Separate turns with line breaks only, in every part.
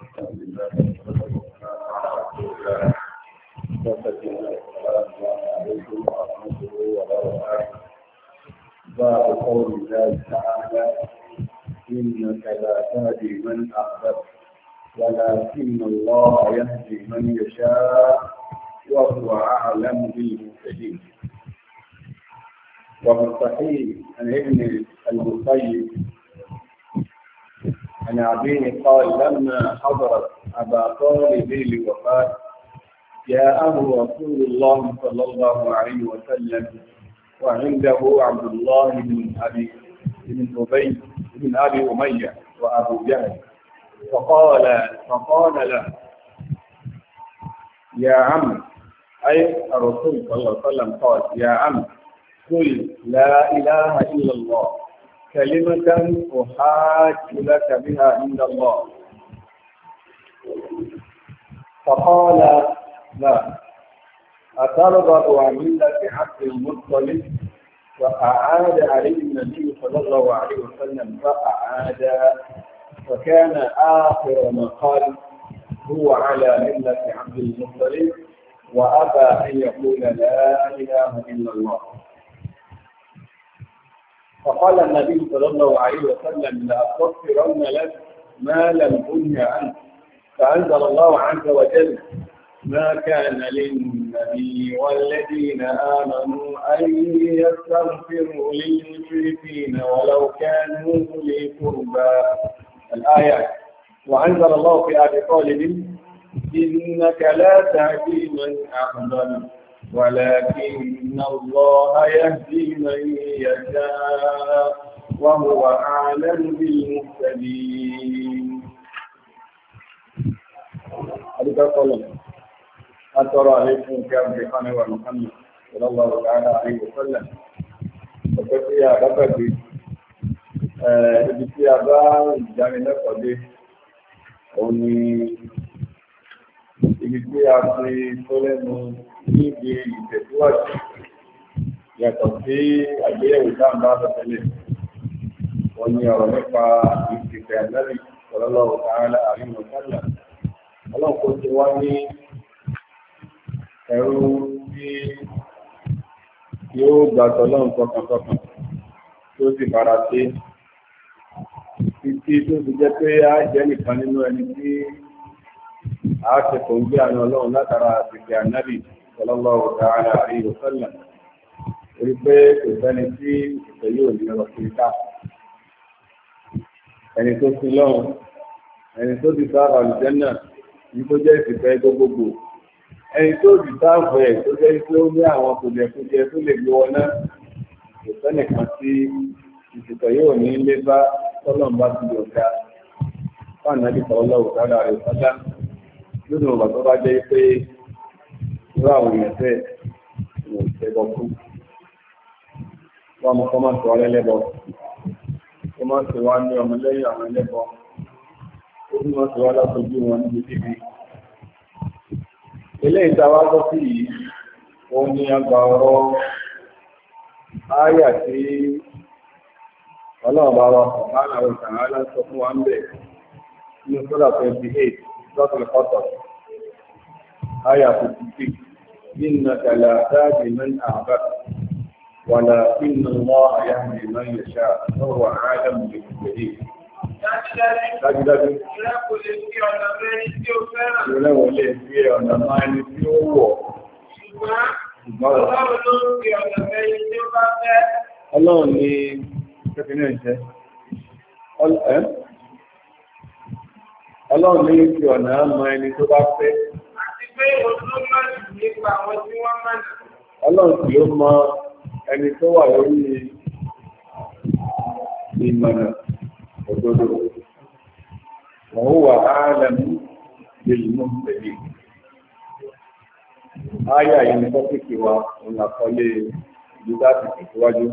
باب قول الله تعالى إنك لا تهدي من أحببت ولكن الله يهدي من يشاء وهو أعلم بالمهتدين ومن صحيح عن ابن المسيب عن أبيه قال لما حضرت أبا طالب لوفاة جاءه رسول الله صلى الله عليه وسلم وعنده عبد الله بن أبي بن أبي بن أبي أمية وأبو جهل فقال فقال له يا عم أي الرسول صلى الله عليه وسلم قال يا عم قل لا إله إلا الله كلمة أحاج لك بها عند الله فقال لا أترضى عن ملة عبد المطلب فأعاد عليه النبي صلى الله عليه وسلم فأعاد وكان آخر ما قال هو على ملة عبد المطلب وأبى أن يقول لا إله إلا الله فقال النبي صلى الله عليه وسلم لأستغفرن لك ما لم أنه عنك فأنزل الله عز وجل ما كان للنبي والذين آمنوا أن يستغفروا للمشركين ولو كانوا أولي قربى الآية وأنزل الله في ابي طالب إنك لا تهدي من أحببت ولكن الله يهدي من يشاء وهو أعلم بالمهتدين أدوك صلى أترى عليكم كام بخانة ومحمد صلى الله تعالى عليه وسلم وكفي يا ربك ibi tí a bá ìdánilẹ́kọ̀ọ́ dé òun ni ibi tí a fi tó lẹ́nu níbi ìtẹ̀síwájú yàtọ̀ sí àgbéyẹ̀wò dáńbà lọ́tẹ̀lẹ̀ wọ́n ní ọ̀rọ̀ nípa ìsìnkú ànábì sallallahu ta'ala alaihi wa sallam ọlọ́pọ̀ ti wá ní ẹ̀rú tí yóò gbà tọ́lọ́run tọkàntọkàn tó sì bára sí títí tó fi jẹ́ pé á jẹ́ nìkan nínú ẹni tí a ti kò ń gbé àná ọlọ́run látara àti pé ànábì sallallahu ta'ala alayhi wa sallam orí pé kò sẹ́ni tí ìfẹ́ yóò ní ọ̀rọ̀ sí ká ẹni tó sin lọ́run ẹni tó ti sáà àlùjẹ́ náà ní tó jẹ́ ìfẹ́ gbogbogbò ẹni tó ti sáà ẹ̀ tó jẹ́ pé ó ní àwọn kòjẹ̀kòjẹ tó lè gbé wọn kò sẹ́ni kan tí ìfẹ́ yóò ní ilé bá tọ́lọ́n bá ti yọ̀ọ̀ká fáànà ìfọwọ́lọ́wọ́ dáadáa rẹ̀ sọ́dá lónìí ọ̀gbà tó bá jẹ́ pé irú àwọn èèyàn bẹ́ẹ̀ ni ò ṣẹbọ kú wọn kọ́ máa sọ ọ́ lẹ́lẹ́bọ kó máa sọ wá ní ọmọ lẹ́yìn àwọn ẹlẹ́bọ ó sì máa sọ wá látọjú wọn níbi bíbí eléyìí tá a wá gbọ́ sí yìí òun ni àgbà ọ̀rọ̀ áyà tí ọlọ́run bá wa kọ̀ máa làwọn ìtàn aláṣọ fún wa ń bẹ̀ nínú sọ́dà twenty eight kọ́tọ̀ áyà fifty six. إنك لا تهدي من أحببت إِنَّ الله يهدي من يشاء وهو عالم بالمهتدين Dájúdájú, ìrẹ́ kò lè fi ọ̀nà máa ẹni tí ó wọ̀. Ṣùgbọ́n ọlọ́run ló fi ọ̀nà mẹ́rin tí ó bá fẹ́. Ọlọ́run ni kẹfì náà Ọlọ́run ní fi ọ̀nà máa ẹni tó bá fẹ́ pé ojú máa jù nípa àwọn tí wọ́n máa jù. Ọlọ́run tí ó mọ ẹni tó wà lórí ìmọ̀nà òdodo. Wọ́n wà áàlẹ̀mú lèlùmọ́ pẹ̀lú. Áyà yìí ni tọ́pìkì wa òun àkọlé ìlú láti tẹ̀síwájú.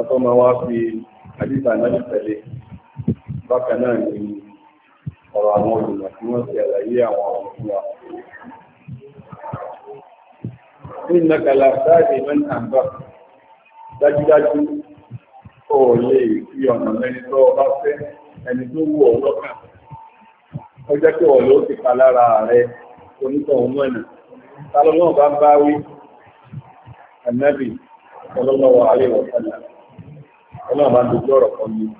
Ọkọ̀ máa wá fi àdìsá náà tẹ̀lé. Bákan náà ni ọ̀rọ̀ àwọn olùmọ̀ tí wọ́n ti àlàyé àwọn ọ̀rọ̀ fún wa. Nínú kàlàsáàdì mẹ́ni àgbà, dájúdájú ó lè fi ọ̀nà mẹ́ni tó ọba fẹ́ ẹni tó wù ọ́ lọ́kàn. Ó jẹ́ pé ọ̀lọ́ ti pa lára rẹ onítọ̀hún mọ̀nà. Tálọ́mọ́ bá ń bá wí, Ànábì, ọlọ́mọ wa sálà. Ọlọ́mọ bá ń dojú ọ̀rọ̀ kan yìí.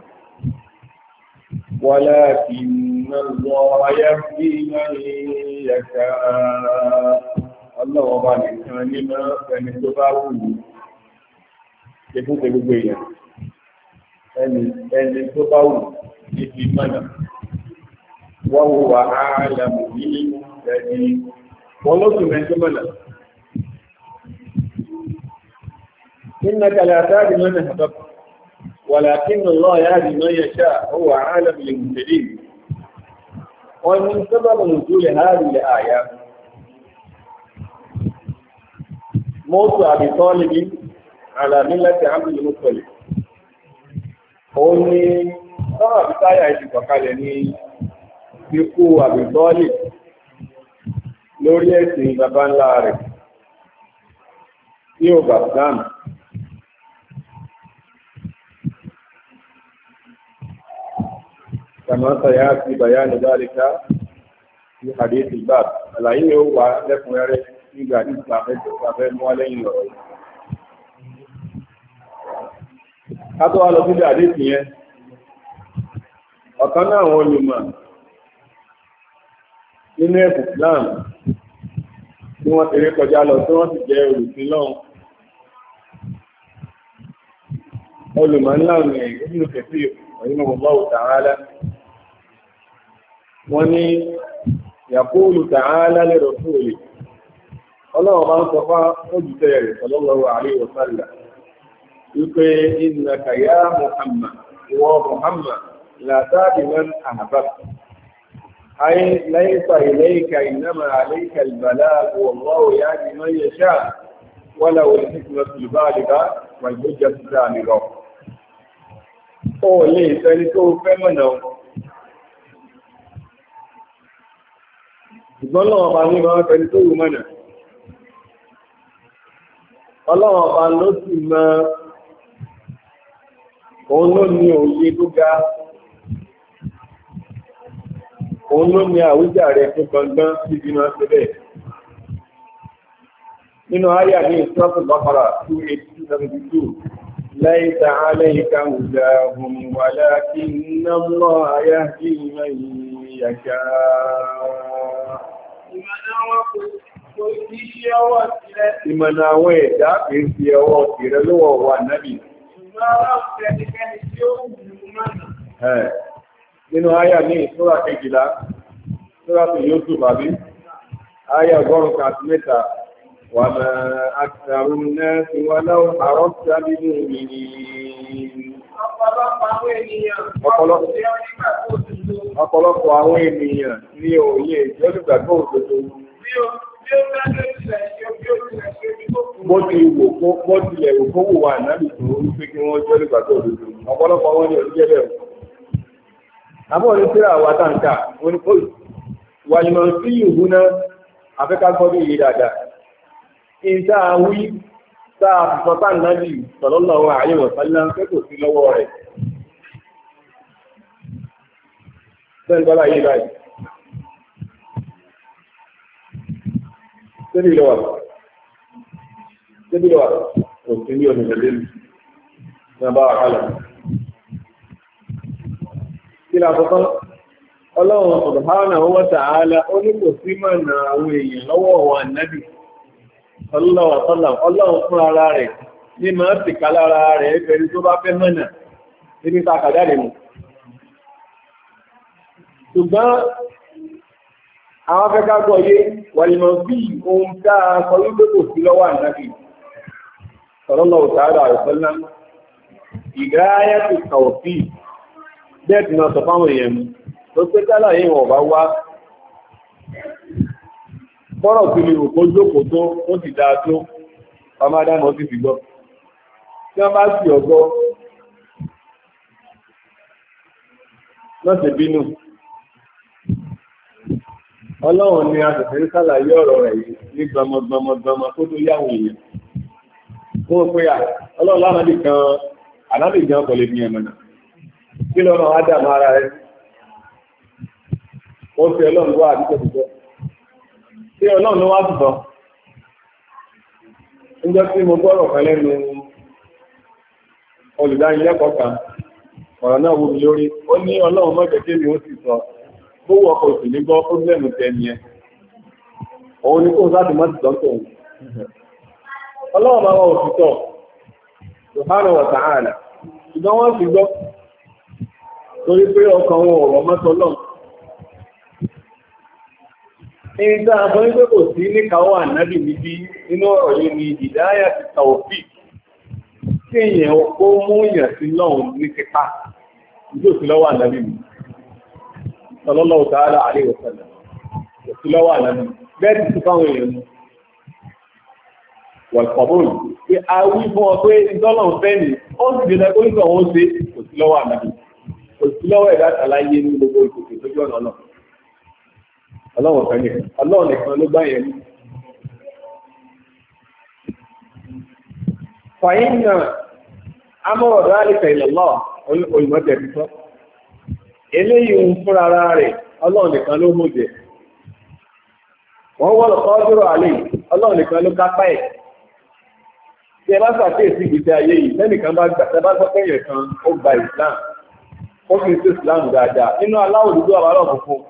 ولكن الله يهدي من يشاء ọlọ́wọ́ bá lè kan nínú ẹni tó bá wù ú ìfúnṣe gbogbo èèyàn ẹni ẹni tó bá wù níbi mọ́nà wọ́n wò wá áàlàmù ní ẹni wọ́n lọ́sùn mẹ́jọ mọ́nà nínú kàlẹ́ àtàrí mọ́nà àbábọ̀ ولكن الله يهدي من يشاء هو عالم للمهتدين ومن سبب نزول هذه الآية موت أبي طالب على ملة عبد المطلب òun ni sọ́rọ̀ bí táyà ìṣùpọ̀kalẹ̀ ní ikú Abi Talib lórí ẹ̀sìn bàbá ńlá rẹ̀ كما سيأتي بيان ذلك في حديث الباب العلم هو لكم يعرف في حديث صحيح صحيح موالين لغاية Kátó wá lọ sí àdéhùn ihe. ọ̀kan náà wọn olùmọ̀ tí wọ́n ti rí kọjá lọ tí wọ́n sì jẹ́ olùsìn lọ́hùn. Olùmọ̀ ńlá ni ìlú ọ̀yìn ọmọ wọ́n ní yàkóòlù tààlà lè rọ̀ fún òlè ọlọ́run máa ń sọ fá ojútẹ́ rẹ̀ sọlọ́lọ́wọ́ àríwọ̀ sálà wípé iná kàyà muhammad ìwọ muhammad látàbí mẹ́rin àhàbà ayé lẹ́yìnfà ìlẹ́yìnkà ìnáma àlẹ́yìnkà ìbàlá wọ̀lọ́wọ́ yá ni ṣùgbọ́n lọ́wọ́ bá ní máa fẹni tó wù mọ́nà ọlọ́wọ́ bá ló sì mọ òun ló ní òye tó ga òun ló ní àwíjàre tó gbọngbọ́n síbi náà ṣe bẹ́ẹ̀ nínú àyà ní ìṣọ́pù bọ́kọ̀rọ̀ 2872 ليس عليك هداهم ولكن الله يهدي من يشاء Ìmọ̀nà àwọn ẹ̀dá kìí sí ọwọ́ ìrẹ lọ́wọ́ wà náàbì. Nínú àyà ní ìṣúra kejìlá, ṣúra tó yóò tó bàbí, àyà ọgọ́rùn kan àti mẹ́ta, wà máa àtàrùn náà ti wà láwọn àrọ́pàá Ọ̀pọ̀lọpọ̀ àwọn ènìyàn ní òye ìjọ́lùgbàgbọ́ òdodo. Bó ti wò kó bó tilẹ̀ wò kó wò wà náàbì tó ń pé kí wọ́n jọ́lùgbàgbọ́ òdodo. Ọ̀pọ̀lọpọ̀ wọn ni ò jẹ́ bẹ̀rù. Àbọ̀ ní síra wa táǹkà, wà ní mọ̀ sí ìhú náà, àfẹ́ká gbọ́ bí ìyí dáadáa. Ìta àwí, tá a fọ́tà náà bì sọ̀lọ́lọ́wọ́ àyẹ̀wọ̀ sálẹ́ bẹ́ẹ̀ bá láyé báyìí débi lọ́wọ́ débi lọ́wọ́ òfin ní ọ̀nà ìrẹ̀lẹ́ mi náà bá wà kálẹ̀ kí la kọ́kọ́ ọlọ́run ọ̀dọ̀hánà wọ́n tààlà ó ní kò sí mọ̀ nà àwọn èèyàn lọ́wọ́ wa nábì sọlọ́wọ́ sọlọ́ ọlọ́run fún ara rẹ̀ ní mọ̀ sí ká lára rẹ̀ ẹgbẹ̀rin tó bá fẹ́ mọ̀nà níbi tá a kàdáre mọ̀ ṣùgbọ́n àwọn afẹ́ká gbọ́ yé wàlìmọ̀ sí ohun tá a sọ wípé kò sí lọ́wọ́ ànábì sọ̀rọ̀lọ́ òtàrà àìsọ́lá ìgbáyé ti kàwọ̀ sí bẹ́ẹ̀tì náà sọ fáwọn èèyàn mú tó pé tálà yìí wọ̀n bá wá bọ́rọ̀ sí ni òkó jókòó tó ó sì dáa tó ọmọdánà ó sì fi gbọ́ tí wọ́n bá sì ọgọ́ lọ́sẹ̀ bínú ọlọ́run ni a tẹ̀sẹ̀ ń sàlàyé ọ̀rọ̀ rẹ̀ yìí ní gbọmọgbọmọgbọmọ tó tó yáwọn èèyàn kó o pé à ọlọ́run kan ànábì lè náà kí lọ́nà ara rẹ̀ ó fi ọlọ́run wá àdúgbò ọlọ́run ló wá mo gbọ́rọ̀ kan lẹ́nu kan ọ̀rọ̀ tó wọ ọkọ̀ òsì ní gbọ́ pọ́blẹ́mù tẹni ẹ òun ni kóun láti mọ́tì dọ́tọ̀ òun ọlọ́wọ́ bá wọn òsìtọ̀ subhanahu wa ta'ala ṣùgbọ́n wọ́n fi gbọ́ torí pé ọkàn wọn ọ̀rọ̀ mọ́tọ́ náà Ìyìn tí a sọ wípé kò sí ní káwọ́ ànábì níbi inú ọ̀rọ̀ yìí ni ìdáyà ti tàòfì kí èèyàn ó mú èèyàn sí náà ní tipa ìjọ́ lọ́wọ́ ànábì mi sallallahu ta'ala alaihi wa sallam òsì lọ́wọ́ àlànà bẹ́ẹ̀ ti tún fáwọn èèyàn mu wà ìpàbóòlù pé a wí fún ọ pé ìdọ́lọ̀ ń fẹ́ nì ó sì lè lẹ́kọ́ nígbà wọn ṣe òsì lọ́wọ́ àlànà òsì lọ́wọ́ ẹ̀dá àtàláyé ní gbogbo ìkòkè lójú ọ̀nà náà ọlọ́wọ̀ kan Eleyi ń fúnra ara rẹ̀ ọlọ́run nìkan ló mú jẹ wọ́n wọ́n lọ́kọ́ dúró àlè ọlọ́run ló kápá ẹ̀ tí ẹ bá ṣàkíyèsí ìgbésí ayé yìí lẹ́nìkan bá gbà bá gbọ́ pé èèyàn kan ó Islam ó fi sí nínú aláwọ̀ dúdú funfun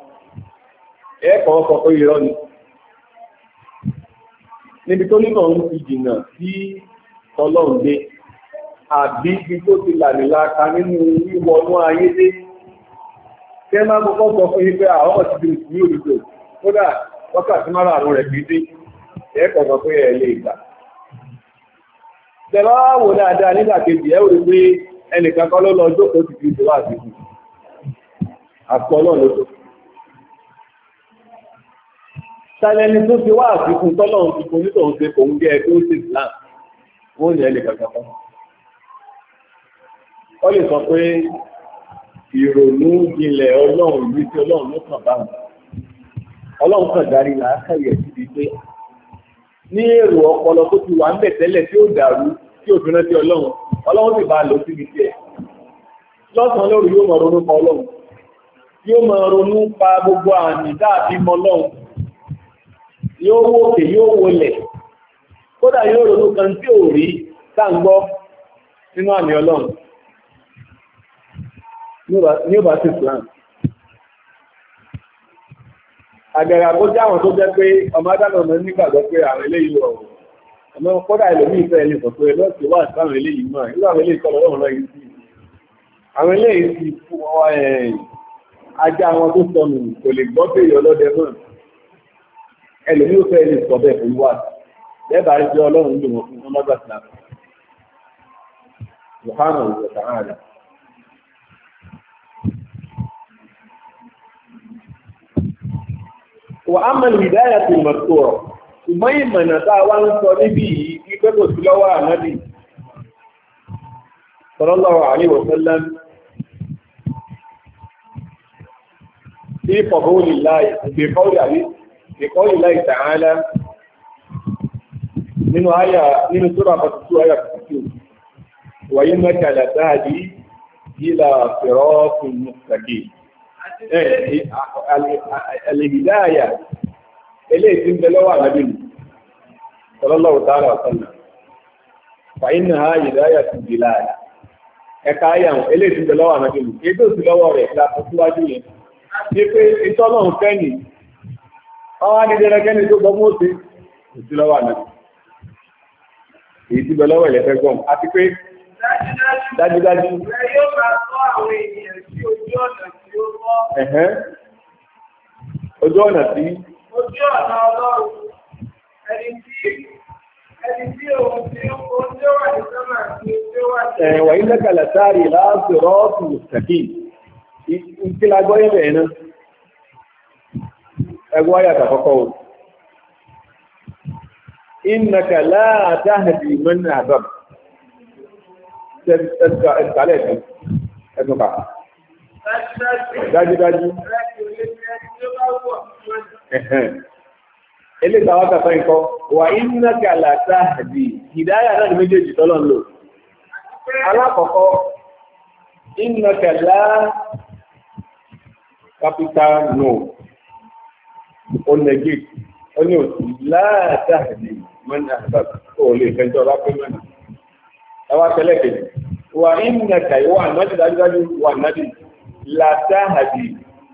ẹ ni níbi tó nínú ọ̀hún ti sí ọlọ́run dé àbí ibi tó ti nínú wíwọnú ayé dé kẹ́ máa kọ́kọ́ sọ fún yí pé àwọn ah, ti di ìsinmi òdúdó kódà wákàtí máa ràrùn rẹ̀ gbídé ẹ̀kọ̀ sọ pé ẹ̀ lè gbà. Ìjọba wò dáadáa nígbà pé ẹnìkan lọ jókòó ti fi wá àfikún tọ́lọ̀ kò ń ìlànà. Wọ́n ìrònú jinlẹ̀ ọlọ́run yìí tí ọlọ́run ló kàn bá wọn ọlọ́run kàn darí làákàyè síbi pé ní èrò ọpọlọ tó ti wà ń bẹ̀ tẹ́lẹ̀ tí ó dàrú tí òfin rántí ọlọ́run ọlọ́run sì bá a lọ síbi tiẹ̀ lọ́sàn-án lóru pa ọlọ́run yóò gbogbo àmì dáàbí mọ ọlọ́run yóò yóò wọlẹ̀ kódà yóò ronú kan tí ò rí sáà ń gbọ́ ní ó bá sí Islam àgbẹ̀rẹ̀ àbójá àwọn tó jẹ́ pé ọmọ adáná ọmọ nígbàgbọ́ pé àwọn eléyìí rọ̀ ọmọ kódà ẹlòmíì fẹ́ ẹni sọ pé lọ́ọ̀sì wà sáwọn eléyìí náà irú àwọn eléyìí sọ lọ́wọ́ lọ́yìn sí àwọn eléyìí ti fún ọ ajá àwọn tó sọnù kò lè gbọ́ pé ìyọlọ́dẹ náà ẹlòmíì fẹ́ ẹni sọ bẹ́ẹ̀ fún wà lẹ́bàá rí ọlọ́run lò wọ́n fún ọmọdé àti وأما الهداية المذكورة وما يمنع تا وان صلي بي يكتب النبي صلى الله عليه وسلم في قول الله في قول في الله تعالى من آية من سورة بسيطة آية بسيطة وإنك لتهدي إلى صراط مستقيم Eh, alìhìdáyà eléyìí tí ń bẹ lọ́wọ́ àrẹ́bì sallallahu ta'ala wa sallam fa innaha hìdáyà ti di láàyà ẹ̀ka ayàwó eléyìí tí ń bẹ lọ́wọ́ àrẹ́bì ètò sí lọ́wọ́ rẹ̀ láti síwájú yẹn ní pé ìtọ́lọ́hún fẹ́ni ọwá ní dẹrẹkẹ́ni sí lọ́wọ́ àrẹ́bì Ojú ọ̀nà tí? Ojú ọ̀nà ọlọ́run, ẹni tí, ẹni tí òun tí ó wà ní sọ́mà tí ó wà ní. Ẹ̀wà ilẹ̀ kàlàtàrí láàpù rọ́ọ̀tù tàbí, ìkí lágbọ́ ilẹ̀ ẹ̀nà. Ẹgbọ́ ayàtà kọ́kọ́ o. Inna kàlá àtàhàdì mọ́nà àbábà. Ẹgbẹ́ ẹgbẹ́ ẹgbẹ́ ẹgbẹ́ dájúdájú ilé ìtawà kàfẹ́ ikọ́ wà iná kàlà sáàdì ìdáyà náà ni méjèèjì tọ́lọ̀ ń lò alákọ̀ọ́kọ́ iná kàlà capital no ó negate ó ní òsì láàdáàdì mọ́nà àbábà ó lè fẹ́jọ́ bá pé mọ́nà ẹwà tẹ́lẹ̀ kejì wà látàhàdì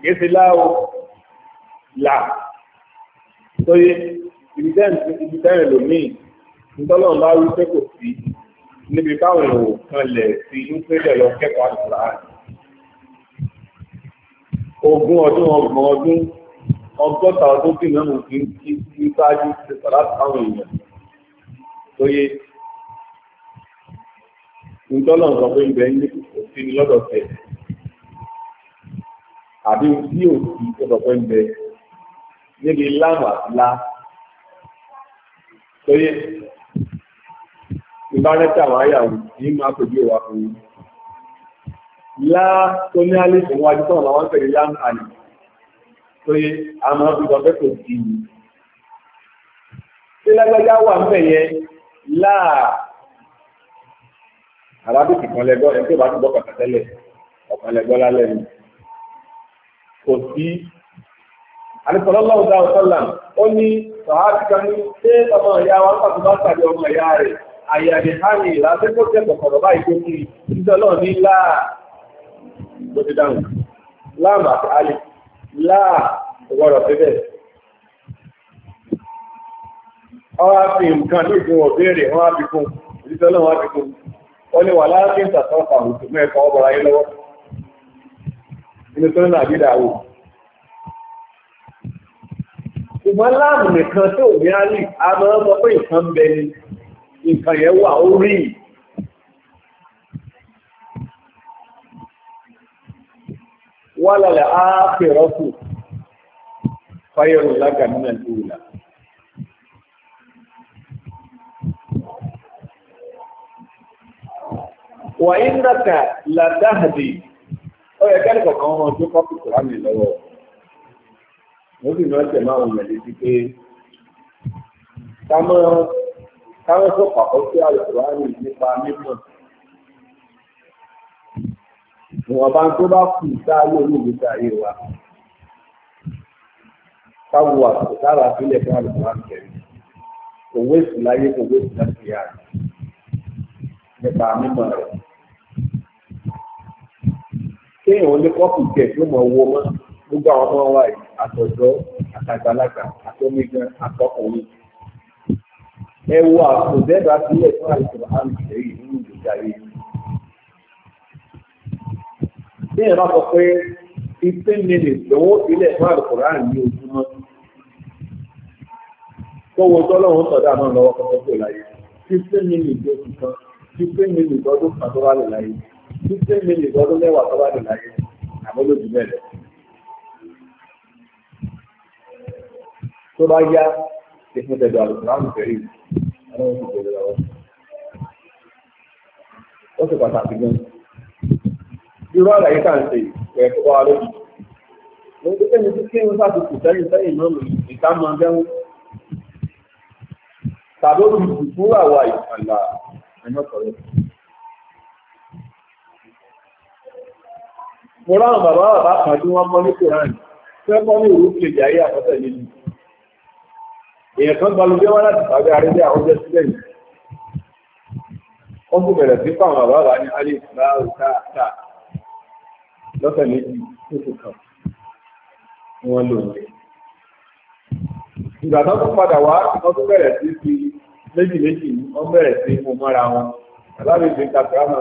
kéèsì láwọ́ là sóyé ìbítẹ́rìn lòmí nítọ́lọ́n bá rí pé kò sí níbi báwọn èrò kan lẹ̀ sí ìpínlẹ̀ lọ kẹ́kọ̀ọ́ àtìlá ogún ọdún ọgbọ̀n ọdún ọgọ́ta ọdún bí mẹ́rin fi ń kí ní sáájú ti sọ̀rọ̀ àtàwọn èèyàn sóyé nítọ́lọ́n sọ pé ibẹ̀ ń ní kò sí ní lọ́dọ̀ tẹ̀lé àbí tí ò sí tó sọ pé ń bẹ níbi láàmù àti lá lóye ìbárẹ́tì àwọn ayàwó ní máa pèjú ìwà fún yín lá tó ní alẹ́ fún wájú tó àwọn àwọn tẹ̀lé láàmù àlè a àmọ́ ìgbà pé kò sí yìí tí lágbájá wà ń bẹ̀ yẹn láà arábìkì kan lẹ́gbọ́n ẹni tó bá ti gbọ́ kàkà tẹ́lẹ̀ ọ̀kan lẹ́gbọ́n lálẹ́ ni kò sí. Àdìsọ̀lọ́lọ́ ọ̀dà ọ̀sọ́là ó ní sọ̀hátìkà ní ṣé ọmọ ìyá wa ń pàtó bá tàbí ọmọ ìyá rẹ̀ àyàdì hàní ìlàsẹ́ tó jẹ́ kọ̀kọ̀rọ̀ báyìí tó kí ìdọ́lọ́ ní láà ló ti dáhùn láàmà àti alì láà ọgbọ́dọ̀ síbẹ̀. Wọ́n á fi nǹkan ní ìfún òbéèrè wọ́n á fi kún ìdíjọ́ náà wọ́n fi kún. Wọ́n ní wà láàrín tàtọ́ inú tó ń lọ àbí ìdàwó. ṣùgbọ́n láàmù nìkan tó ní àlì a máa ń sọ pé nǹkan ń bẹ ni nǹkan yẹn wà ó rí i. wálàlẹ̀ á fèrọ́ kù fáyọ̀rù lágàmínà ìwòlà. وإنك لتهدي ó yẹ kọ̀ọ̀kan ọmọ tó kọ́pù tó lọ́wọ́ mo sì máa ń tẹ̀ máa wọ̀nyẹ̀ létí pé kámọ́ kámọ́ tó pàpọ̀ sí àlùkùránì nípa mímọ̀ ìwọ̀nba tó bá kù sááyé olóògbèsè ayé wa káwọ àtúntò sára sílẹ̀ fún àlùkùránì kẹrin kò wéèsì láyé kò wéèsì láti yára nípa mímọ̀ rẹ̀ kéèyàn ó ní kọ́ọ̀pù jẹ tó mọ̀ owó mọ́ gbogbo àwọn ọmọ wa yìí àtọ̀dọ́ àtàgbàlagbà àtọ́mígbà àtọkùnrin ẹ wo àtòdẹ́gbà sílẹ̀ fún àìsàn àmì ìṣẹ́yìn nínú ìgbésí ayé yìí. Bẹ́ẹ̀ bá sọ pé fifteen minutes lòun ó sílẹ̀ fún àlùkòrán ní ojúmọ́. Tọ́wọ́ tọ́lọ́run sọ̀dá náà lọ́wọ́ kọ́kọ́ tó láyé. fifteen minutes oṣù kan fifteen minutes ọdún kan tó wà lè fifteen minutes ọdún mẹ́wàá tó bá dùn láyé àmọ́lódì bẹ́ẹ̀ lọ. tó bá yá ìfún tẹ̀dọ̀ àlùkò láàmú fẹ̀rí ọdún oṣù tó lọ́wọ́. ó ṣe pàtàkì gan-an. irú àlàyé tá à ń ṣe ìwẹ̀ tó wá lójú. mo mo ráwọn bàbá bàbá kan tí wọ́n kọ́ ní koran tí wọ́n kọ́ ní ìlú kejì ayé nínú èèyàn kan gbalu bí wọ́n láti pàdé arédé àwọn jẹ́ sílẹ̀ yìí wọ́n tún bẹ̀rẹ̀ sí fáwọn bàbá bàbá ní alẹ́ ìfúláwò káàkà lọ́sẹ̀ méjì oṣù kan ni wọ́n lò ní ìgbà tó tún padà wá wọ́n tún bẹ̀rẹ̀ sí fi méjì méjì wọ́n bẹ̀rẹ̀ sí mú mọ́ra wọn alábẹ́sẹ̀ kakra mọ́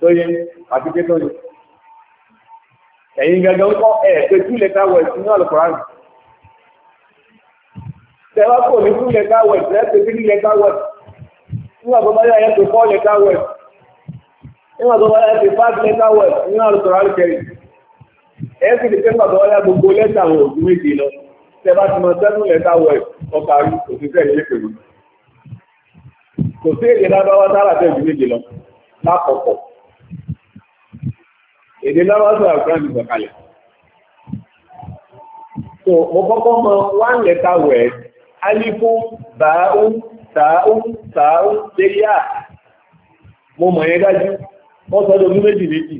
lóye àti pé tó ní ẹ̀yin gẹ́gẹ́ ń kọ́ ẹ̀ pé two letter word ní Al-Qur'an tẹ́wá kò ní two letter word rẹ́ pé three letter word nígbà tó bá yà yẹn pé four letter word nígbà tó bá yà pé five letter word ní Al-Qur'an kẹrin ẹ̀ sì ní pé nígbà tó bá yà gbogbo lẹ́tà wọn ò ju méje lọ tẹ́bá ti mọ seven letter word ọkà rí òṣìṣẹ́ ilé kò sí èdè lábáwá sára tẹ̀ ju lọ lákọ̀ọ̀kọ̀ èdè lábásọ̀ àkùránì sọ̀kalẹ̀ so mo kọ́kọ́ mọ one letter word alifu ba'u ta'u ta'u seya mo mọ̀ yẹn dájú wọ́n sọ́dọ̀ oní méjì méjì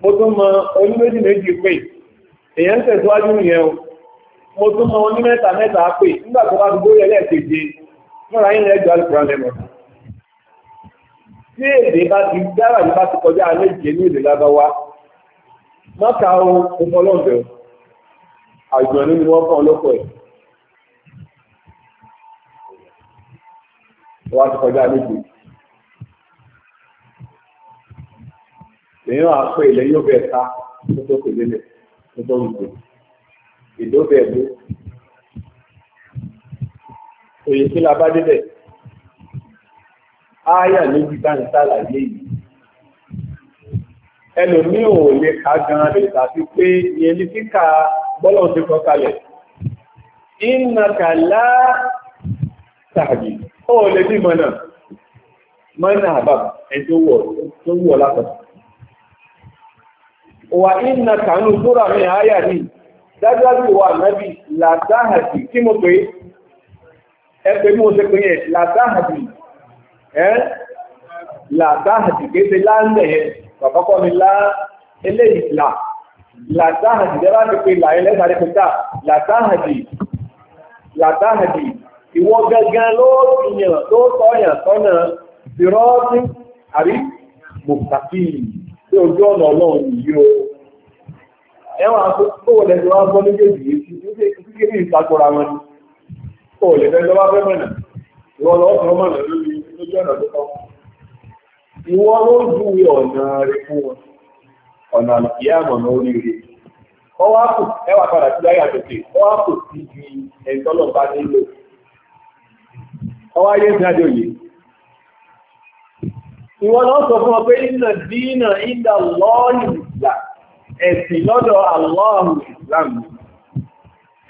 mo tún mọ oní méjì méjì pé èèyàn tẹ̀síwájú yẹn o mo tún mọ oní mẹ́ta mẹ́ta pé nígbà tó bá gbogbo rẹ̀ lẹ́ẹ̀keje fúnra yín lẹ́jọ́ alùpùpù rẹ̀ mọ̀ tí èdè bá ti dára ní bá ti kọjá méje ní ìlú lábáwá mọ́ta o mo fọ́ lọ́ọ̀dẹ̀ àjọ̀nú ni wọ́n kàn lọ́pọ̀ ẹ̀ wọ́n ti kọjá méje lèyìn àpò ilẹ̀ yóò bẹ̀ ta tó tó kò lélẹ̀ tó tó ń gbò ìdó bẹ̀ bó òye kí la bá débẹ̀ ááyà méjì bá ń sàlàyé yìí ẹlòmí ò lè ká gan lè tàbí pé ìyẹn ní kíkà bọ́lọ̀ ti kọ́ kalẹ̀ ìnàkà látàrí ó lè bí mọ́nà mọ́nà àbá ẹni tó wọ̀ látọ̀ wà ìnàkà ń mi àáyà ní wà kí mo pé ẹ pé mo ṣe pé yẹn ẹ́ làdáhàdì kéde láńlẹ̀ yẹn kọ̀kọ́kọ́ ni lá eléyìí là làdáhàdì lẹ́bà ti pe là ẹlẹ́sàdé pé tá làdáhàdì làdáhàdì ìwọ gangan ló yàn tó sọyàn sọ́nà sírọ́ọ̀tì àrí mùsàkì tí ojú ọ̀nà ọlọ́run yìí o ẹwà kówó lẹ́sẹ̀ wá gbọ́ méjèèjì yìí tí kébì ìtakora wọn ni kówó lẹ́sẹ̀ lọ́wọ́ fẹ́ mọ̀nà ìwọ lọ́wọ́ fẹ́ mọ̀nà lórí lójú ọ̀nà tó kọ́ ìwọ́n ló júwe ọ̀nà rẹ̀ fún wọn ọ̀nà àlùkí àmọ̀nà oríire ọwá kù ẹwà padà sí láyà tètè ọwá kù sí ju ẹ̀ńtọ́lọ̀ bá nílò ọwá yé ní adé òye ìwọ́n náà sọ fún ọ pé iná dínà ìdá lọ́ọ̀lù ìgbà ẹ̀sìn lọ́dọ̀ aláàrù ìsìlámù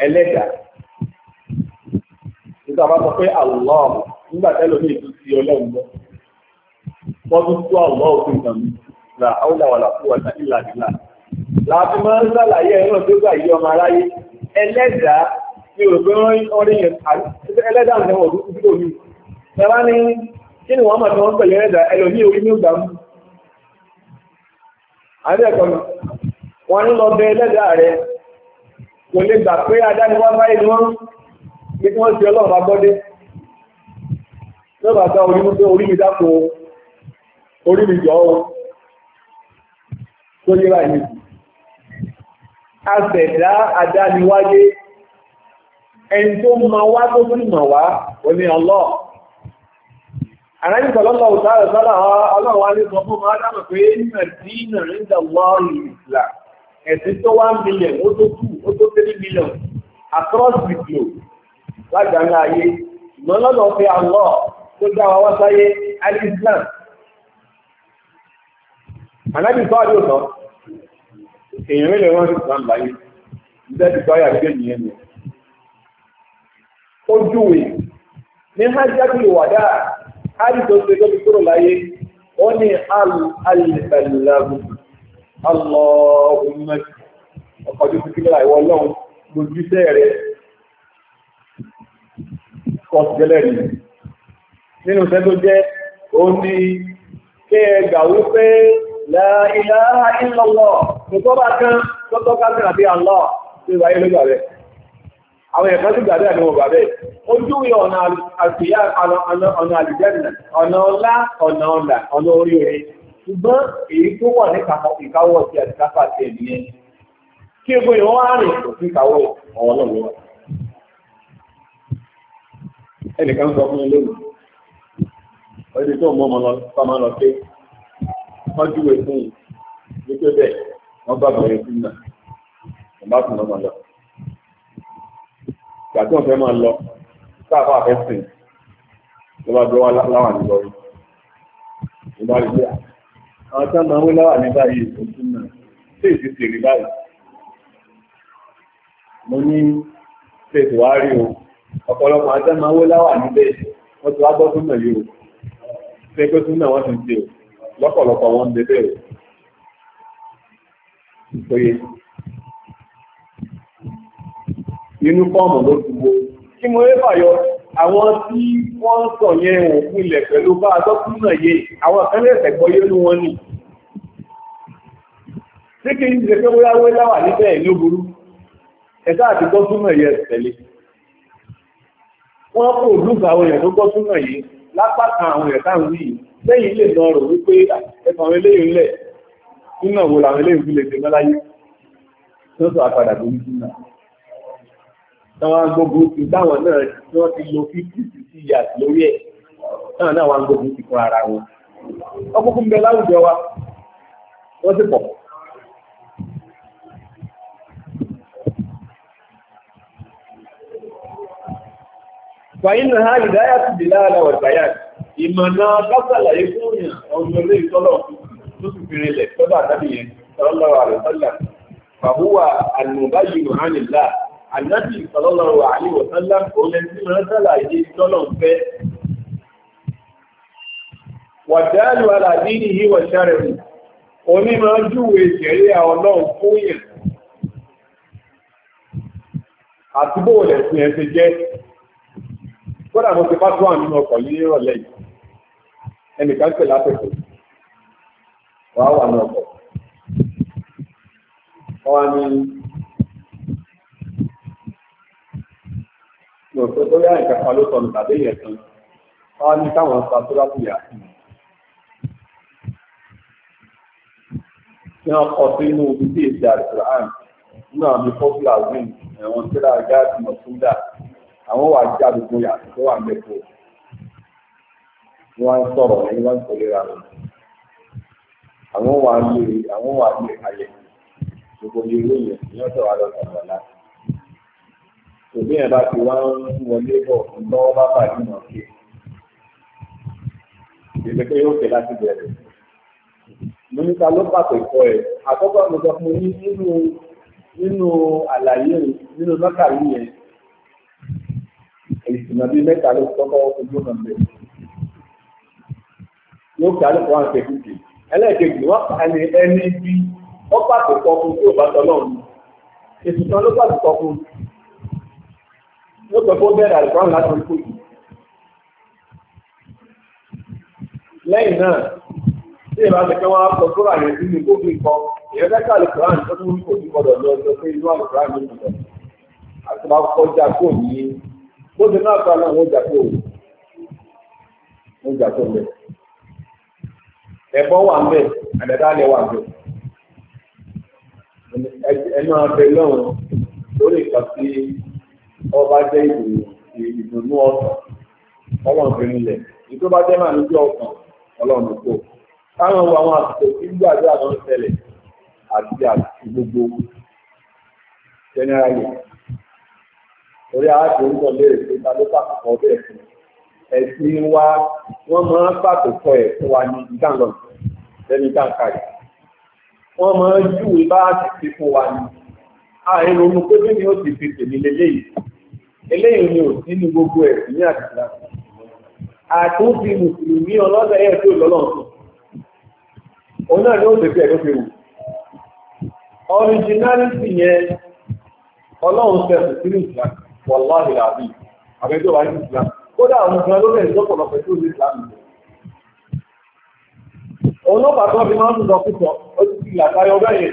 ẹlẹ́dà nígbà bá sọ pé aláàrù nígbà tẹ́lómi ìtú sí ọlọ́run fọ́dún tó àwọn òfin kan ra áwùdáwàlà fún wàtà ìlà ìlà. Láti máa ń sàlàyé ẹ̀rọ tó gbà yí ọmọ aráyé, ẹlẹ́dàá ni ò gbé ọrin yẹn, ẹlẹ́dàá ní ọdún tó tó mi. Bàbá ní kí ni wọ́n mọ̀ tí wọ́n pẹ̀lú ẹlẹ́dàá ẹlòmí orí ní ìgbà mú. Àbẹ́ ẹ̀kọ́ mi, wọ́n ń lọ bẹ ẹlẹ́dàá rẹ̀, kò lè gbà pé adániwá báyìí ni wọ́n gbé kí wọ́n ti ọlọ́run bá gbọ́dé. Lọ́bàá sá orí mi dákòó orí mi jọ ó tó yíra ìlú àṣẹ̀dá àdániwáyé ẹni tó ma wá tó tún mọ̀ wá òní ọlọ́ àráyìn sọ̀lọ́lọ́ òtàrà sọ́lá ọlọ́run wá ní sọ fún ma dámà pé nínà dínà nígbà wọ́ọ̀lù ìsìlá ẹ̀sìn tó wá mílíọ̀n ó tó kù ó ayé ìmọ̀lọ́lọ́ fi àlọ́ tó dá wá sáyé alìsílámù Ànábì sọ àdé òtọ́, èèyàn mélòó wọn sì sàn láyé, ìjẹ́ ti sọ́yà gbé nìyẹn nù. Ó júwe ní Hajjati Wàdà, Hajj tó ṣe tó fi kúrò láyé, ó ní Al-Alifalahu, Allahumma, ọkọ̀ tó fi kí láì wọ lọ́hùn, lójú iṣẹ́ rẹ̀, kọ̀ọ̀tẹ́lẹ̀ nìyẹn. Nínú iṣẹ́ tó jẹ́, ó ní kí ẹ gbà wípé láìláà ìlọ́lọ́ nìkọ́bà kan tó tọ́ka sí àbí àlọ́ tí ó wáyé àwọn ẹ̀kọ́ sí gbàdẹ́ àbí wọn gbàdẹ́ ojú yọ ọ̀nà àṣìyà ọ̀nà àlìjẹ́nà ọ̀nà ọlá ọ̀nà ọ̀là ọ̀nà orí orí ṣùgbọ́n èyí tó wà ní ìkáwọ́ sí àtìkáfà sí kí egbò kò sí lọ́wọ́ ẹnìkan sọ fún ọdún tó mọ́ ọmọ lọ tọ́jú wẹ̀ fún yìí wípé bẹ́ẹ̀ wọ́n bá bẹ̀rẹ̀ sí náà wọ́n bá tún lọ́mọ lọ. ìgbà tí wọ́n fẹ́ máa lọ sáàbà fẹ́ sìn ló bá dọ́wọ́ láwà ní lọ́rí. ló bá rí pé àwọn tí wọ́n máa ń wé láwà ní báyìí kò tún náà ṣé èsì sì rí báyìí. mo ní ṣètò wá rí o ọ̀pọ̀lọpọ̀ àti máa ń wé láwà níbẹ̀ wọ́n ti wá gbọ́ tún náà yìí o ṣé pé tún náà wọ́n ti ń ṣe o lọ́pọ̀lọpọ̀ wọn lè bẹ̀rẹ̀ ìpòye inú fọ́ọ̀mù ló ti wo kí mo rí fàyọ àwọn tí wọ́n sọ yẹn òkú ilẹ̀ pẹ̀lú bá adọ́kùn náà yé àwọn ìfẹ́lẹ̀ẹ̀sẹ̀ gbọ́ yé ló wọn ni tí kì í ṣe pé wọ́n yáwó láwà níbẹ̀ ìlú burú ẹ̀sá àti gbọ́ súnmọ̀ yẹ tẹ̀lé wọ́n kò lùgbà àwọn èèyàn tó gbọ́ súnmọ̀ yìí lápá kan àwọn èèyàn táwọn yìí lẹ́yìn lè lọ rò wípé ẹ̀fà àwọn eléyìn lẹ̀ nínú làwọn eléyìn fi tí dé mọ́láyé tó sọ àpàdà tó ní na àwọn agbógun ti táwọn náà tí wọ́n ti lo fífì sí sí ìyà lórí ẹ̀ náà wa wọ́n pọ̀ ha ìmọ̀nà kásàlàyé fún òyìn ọmọ ilé ìtọ́lọ̀ tó sì fi rinlẹ̀ tọ́bà dábì yẹn sọlọ́lọ́wà rẹ̀ sọ́là fàhúwà àlùmọ́báyì mọ̀hánìlá ànábì sọlọ́lọ́wà àníwọ̀sánlá òun ẹni tí mọ̀ sàlàyé ìtọ́lọ̀ ń fẹ́ wàdálù alàdínì yí wà ṣàrẹ̀mù oní máa júwe ìṣẹ̀rí ọlọ́run fún yẹn àtúbò rẹ̀ fún ẹ̀ ẹnìkan pè látẹ̀kọ̀ wàá wà ní ọkọ̀ wọ́n á ní lọ pé bóyá nǹkan kan ló sọnù tàbí yẹn kan wọ́n á ní káwọn sa tó bá fìyà tí wọ́n kọ sí inú ibi tí èsì àdìsíláàmù nínú àmì fọ́fúlà wíìn ẹ̀wọ̀n tíra gáàsì mọ̀túndà àwọn wà jáde gbóyà tó wà mẹ́kọ̀ọ́ wọ́n ń sọ̀rọ̀ ní wọ́n ń kórira rẹ̀ àwọn wà lè àwọn wà lè kalẹ̀ gbogbo ní ilé yẹn ní ọ̀sẹ̀ wà lọ́sẹ̀ ọ̀la tòbí yẹn bá ti wá ń wọlé bọ̀ lọ́wọ́ bá bà ní mọ̀ sí ìdílé pé yóò fẹ́ láti bẹ̀rẹ̀ mínísà ló pàtó ìkọ ẹ̀ àkọ́kọ́ mi sọ fún yín nínú nínú àlàyé nínú lọ́kàrí yẹn ìsìnà bíi mẹ́ta ló kọ́kọ́ ojú ọ̀nà bẹ̀rẹ̀ yóò kí alẹ́ kọ́ àwọn akẹ́kọ̀ọ́ kì ẹlẹ́ẹ̀kejì wọ́n pa ẹni ẹni bí wọ́n pàtó kọ́ fún tí ò bá tọ́lọ́ ọ̀hún èsì kan ló pàtó kọ́ fún ló pẹ̀ fún bẹ́ẹ̀ àlùkò àwọn láti kú lẹ́yìn náà tí ìbá ti kẹ́ wọ́n á kọ́ sórí àyẹ̀ sínú ìgbógun ikọ̀ ìyẹn fẹ́ ká lùkọ́ àrùn tó tún kò sí gbọdọ̀ lọ sọ pé inú àlùkò àrùn ló lọ àti máa kọjá kó yìí bó ti náà kọ́ àwọn ọjà ẹ̀bọ wà ń bẹ̀ àdàdàlẹ̀ wà ń bẹ̀ ẹnu abẹ lọ́run lórí nǹkan tí ọba jẹ́ ìdùnnú ọ̀sán ọlọ́run fi nílẹ̀ ìtò bá jẹ́ màá níbi ọ̀sán ọlọ́run kò káwọn wo àwọn àsìkò tí ń gbàdúrà ló ń ṣẹlẹ̀ àti àti gbogbo generally orí aláàbò ń tọ́lé èso ta ló pàtàkì ọbẹ̀ ẹ̀sìn wa wọ́n máa ń pàtó kọ ẹ̀ fún wa ní ìdáǹlọ́nù. lẹ́ni káàkiri wọ́n mọ́ júwe bá ti fún wa ní ààrin ronú pé ni ó ti fi tèmi ni ò sí ní gbogbo ẹ̀ ní àdìsá ẹ̀ tó ni ó lè fi ẹ̀ ló fi wù yẹn ọlọ́run fẹ̀sù ìsìlá àbẹ́jọ́ wa ní ìsìlá kódà àwọn ìsìlá ló lẹ́yìn lọ́pọ̀lọpọ̀ onu ló bàtọ́ fi máa ń sọ púpọ̀ ó ti fi àtayọ bẹ́yẹn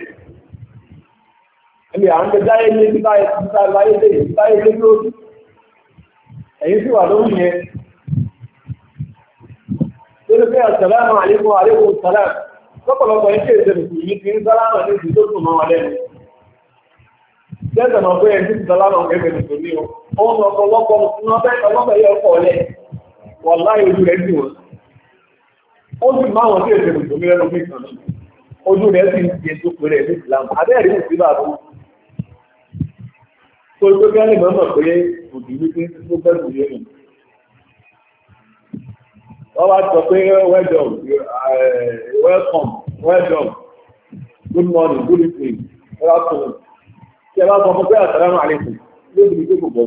ẹni à ń gbé dáyé ní títà títà láyé lè ya yé lé lórí ẹ̀yìn sì wà lórí yẹn lórí pé àṣàlámù àlékún àlékún sàlámù lọ́pọ̀lọpọ̀ yìí ní tó sùn mọ́ lẹ́nu ní o ó sì máa wọn sí èdè mùsùlùmí lẹ́nu mí kan ojú rẹ̀ sì ń di ètò pẹ̀lẹ́ ní Islam abẹ́rẹ́ ní ìsìlá àbú tó tó gẹ́lẹ́ mọ́ mọ̀ pé òdì wípé tó bẹ́ẹ̀ yé mi wọ́n bá sọ pé eh, welcome welcome welcome good morning good evening good afternoon tí ẹ bá sọ fún pé àsàlámù àlékún lóbi ní pé kò bọ̀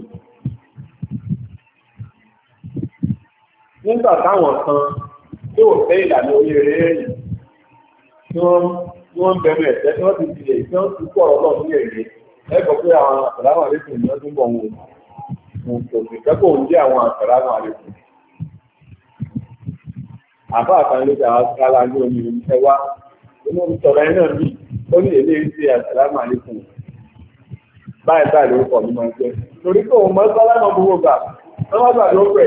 nígbà táwọn kan tí ò fẹ́ ìlànà oríire ẹ̀yìn tí wọ́n ń bẹ̀rù ẹ̀sẹ̀ tí wọ́n ti tilẹ̀ tí wọ́n ti kú ọ̀rọ̀ náà ní èrè ẹ̀kọ́ pé àwọn àkàràmà àlékún ni wọ́n tún bọ̀ wọn òun kò sì kẹ́kọ̀ọ́ òun jẹ́ àwọn àkàràmà àlékún. àbá àkànlélógún àwọn sálá ní omi ìrìnsẹ̀ wá inú sọ̀rọ̀ ẹ̀ náà bí ó ní èlé ṣe àkàràmà àlékún báyìí báyìí lórúkọ mi máa ń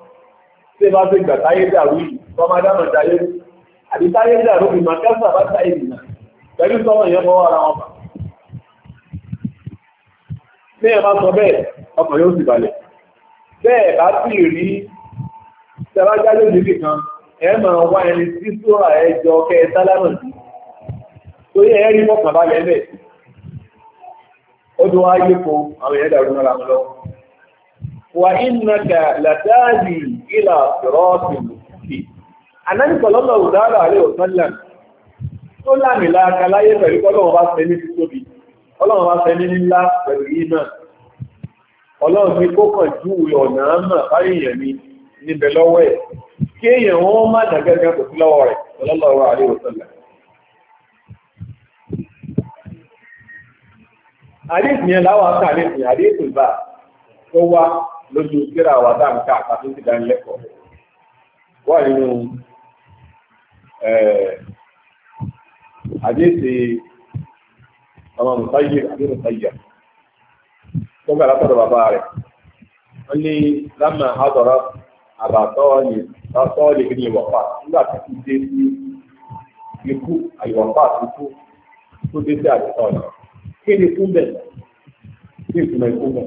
tí bá fi gbà táyé dàrú yìí tọ́mọ adámọ̀ táyé àti táyé dàrú yìí máa kẹ́sà bá táyé nìyà pẹ̀lú tọ́mọ yẹn fọwọ́ ara wọn bà. ní ẹ̀ máa sọ bẹ́ẹ̀ ọkàn yóò sì balẹ̀ bẹ́ẹ̀ bá sì rí tẹ́lájálé níbi kan ẹ máa wá ẹni tí sóra ẹ jọ kẹ́ ẹ sálámà sí torí ẹ rí mọ́kàn balẹ̀ bẹ́ẹ̀ ó ti wá yípo àwọn èèyàn dàrú náà làwọn lọ wà ìnàkà làtáàdì ìlà ìrọ́ọ̀tì lòkì. Ànábìsọ̀lọ́lọ̀ òdára rẹ̀ òtọ́lá tó láàmì láàka láyé pẹ̀lú ọlọ́run bá fẹ́ ní títóbi, ọlọ́run bá fẹ́ ní ńlá pẹ̀lú yìí náà. Ọlọ́run ní kó kàn jú ọ̀nà àmà fáyìyàn ni níbẹ̀ lọ́wọ́ ẹ̀. Kí èèyàn wọn má dàgẹ́gẹ́ kò sí lọ́wọ́ láwọn àkàlẹ́ ìsìn bá tó wá lójú kíra wà dáǹkà àti ìdánilẹ́kọ̀ọ́ wà nínú àdéhìsì ọmọ mùsáyì àti mùsáyì tó gbà látọ̀dọ̀ bàbá rẹ̀ wọ́n ní lámà àdọ̀rọ̀ àbàtọ́ọ̀lì látọ́ọ̀lì ní ìwọ̀pá nígbà tí kú dé sí ikú àìwọ̀pá ikú tó dé sí àdìsọ́ọ̀lì kí ni kí ni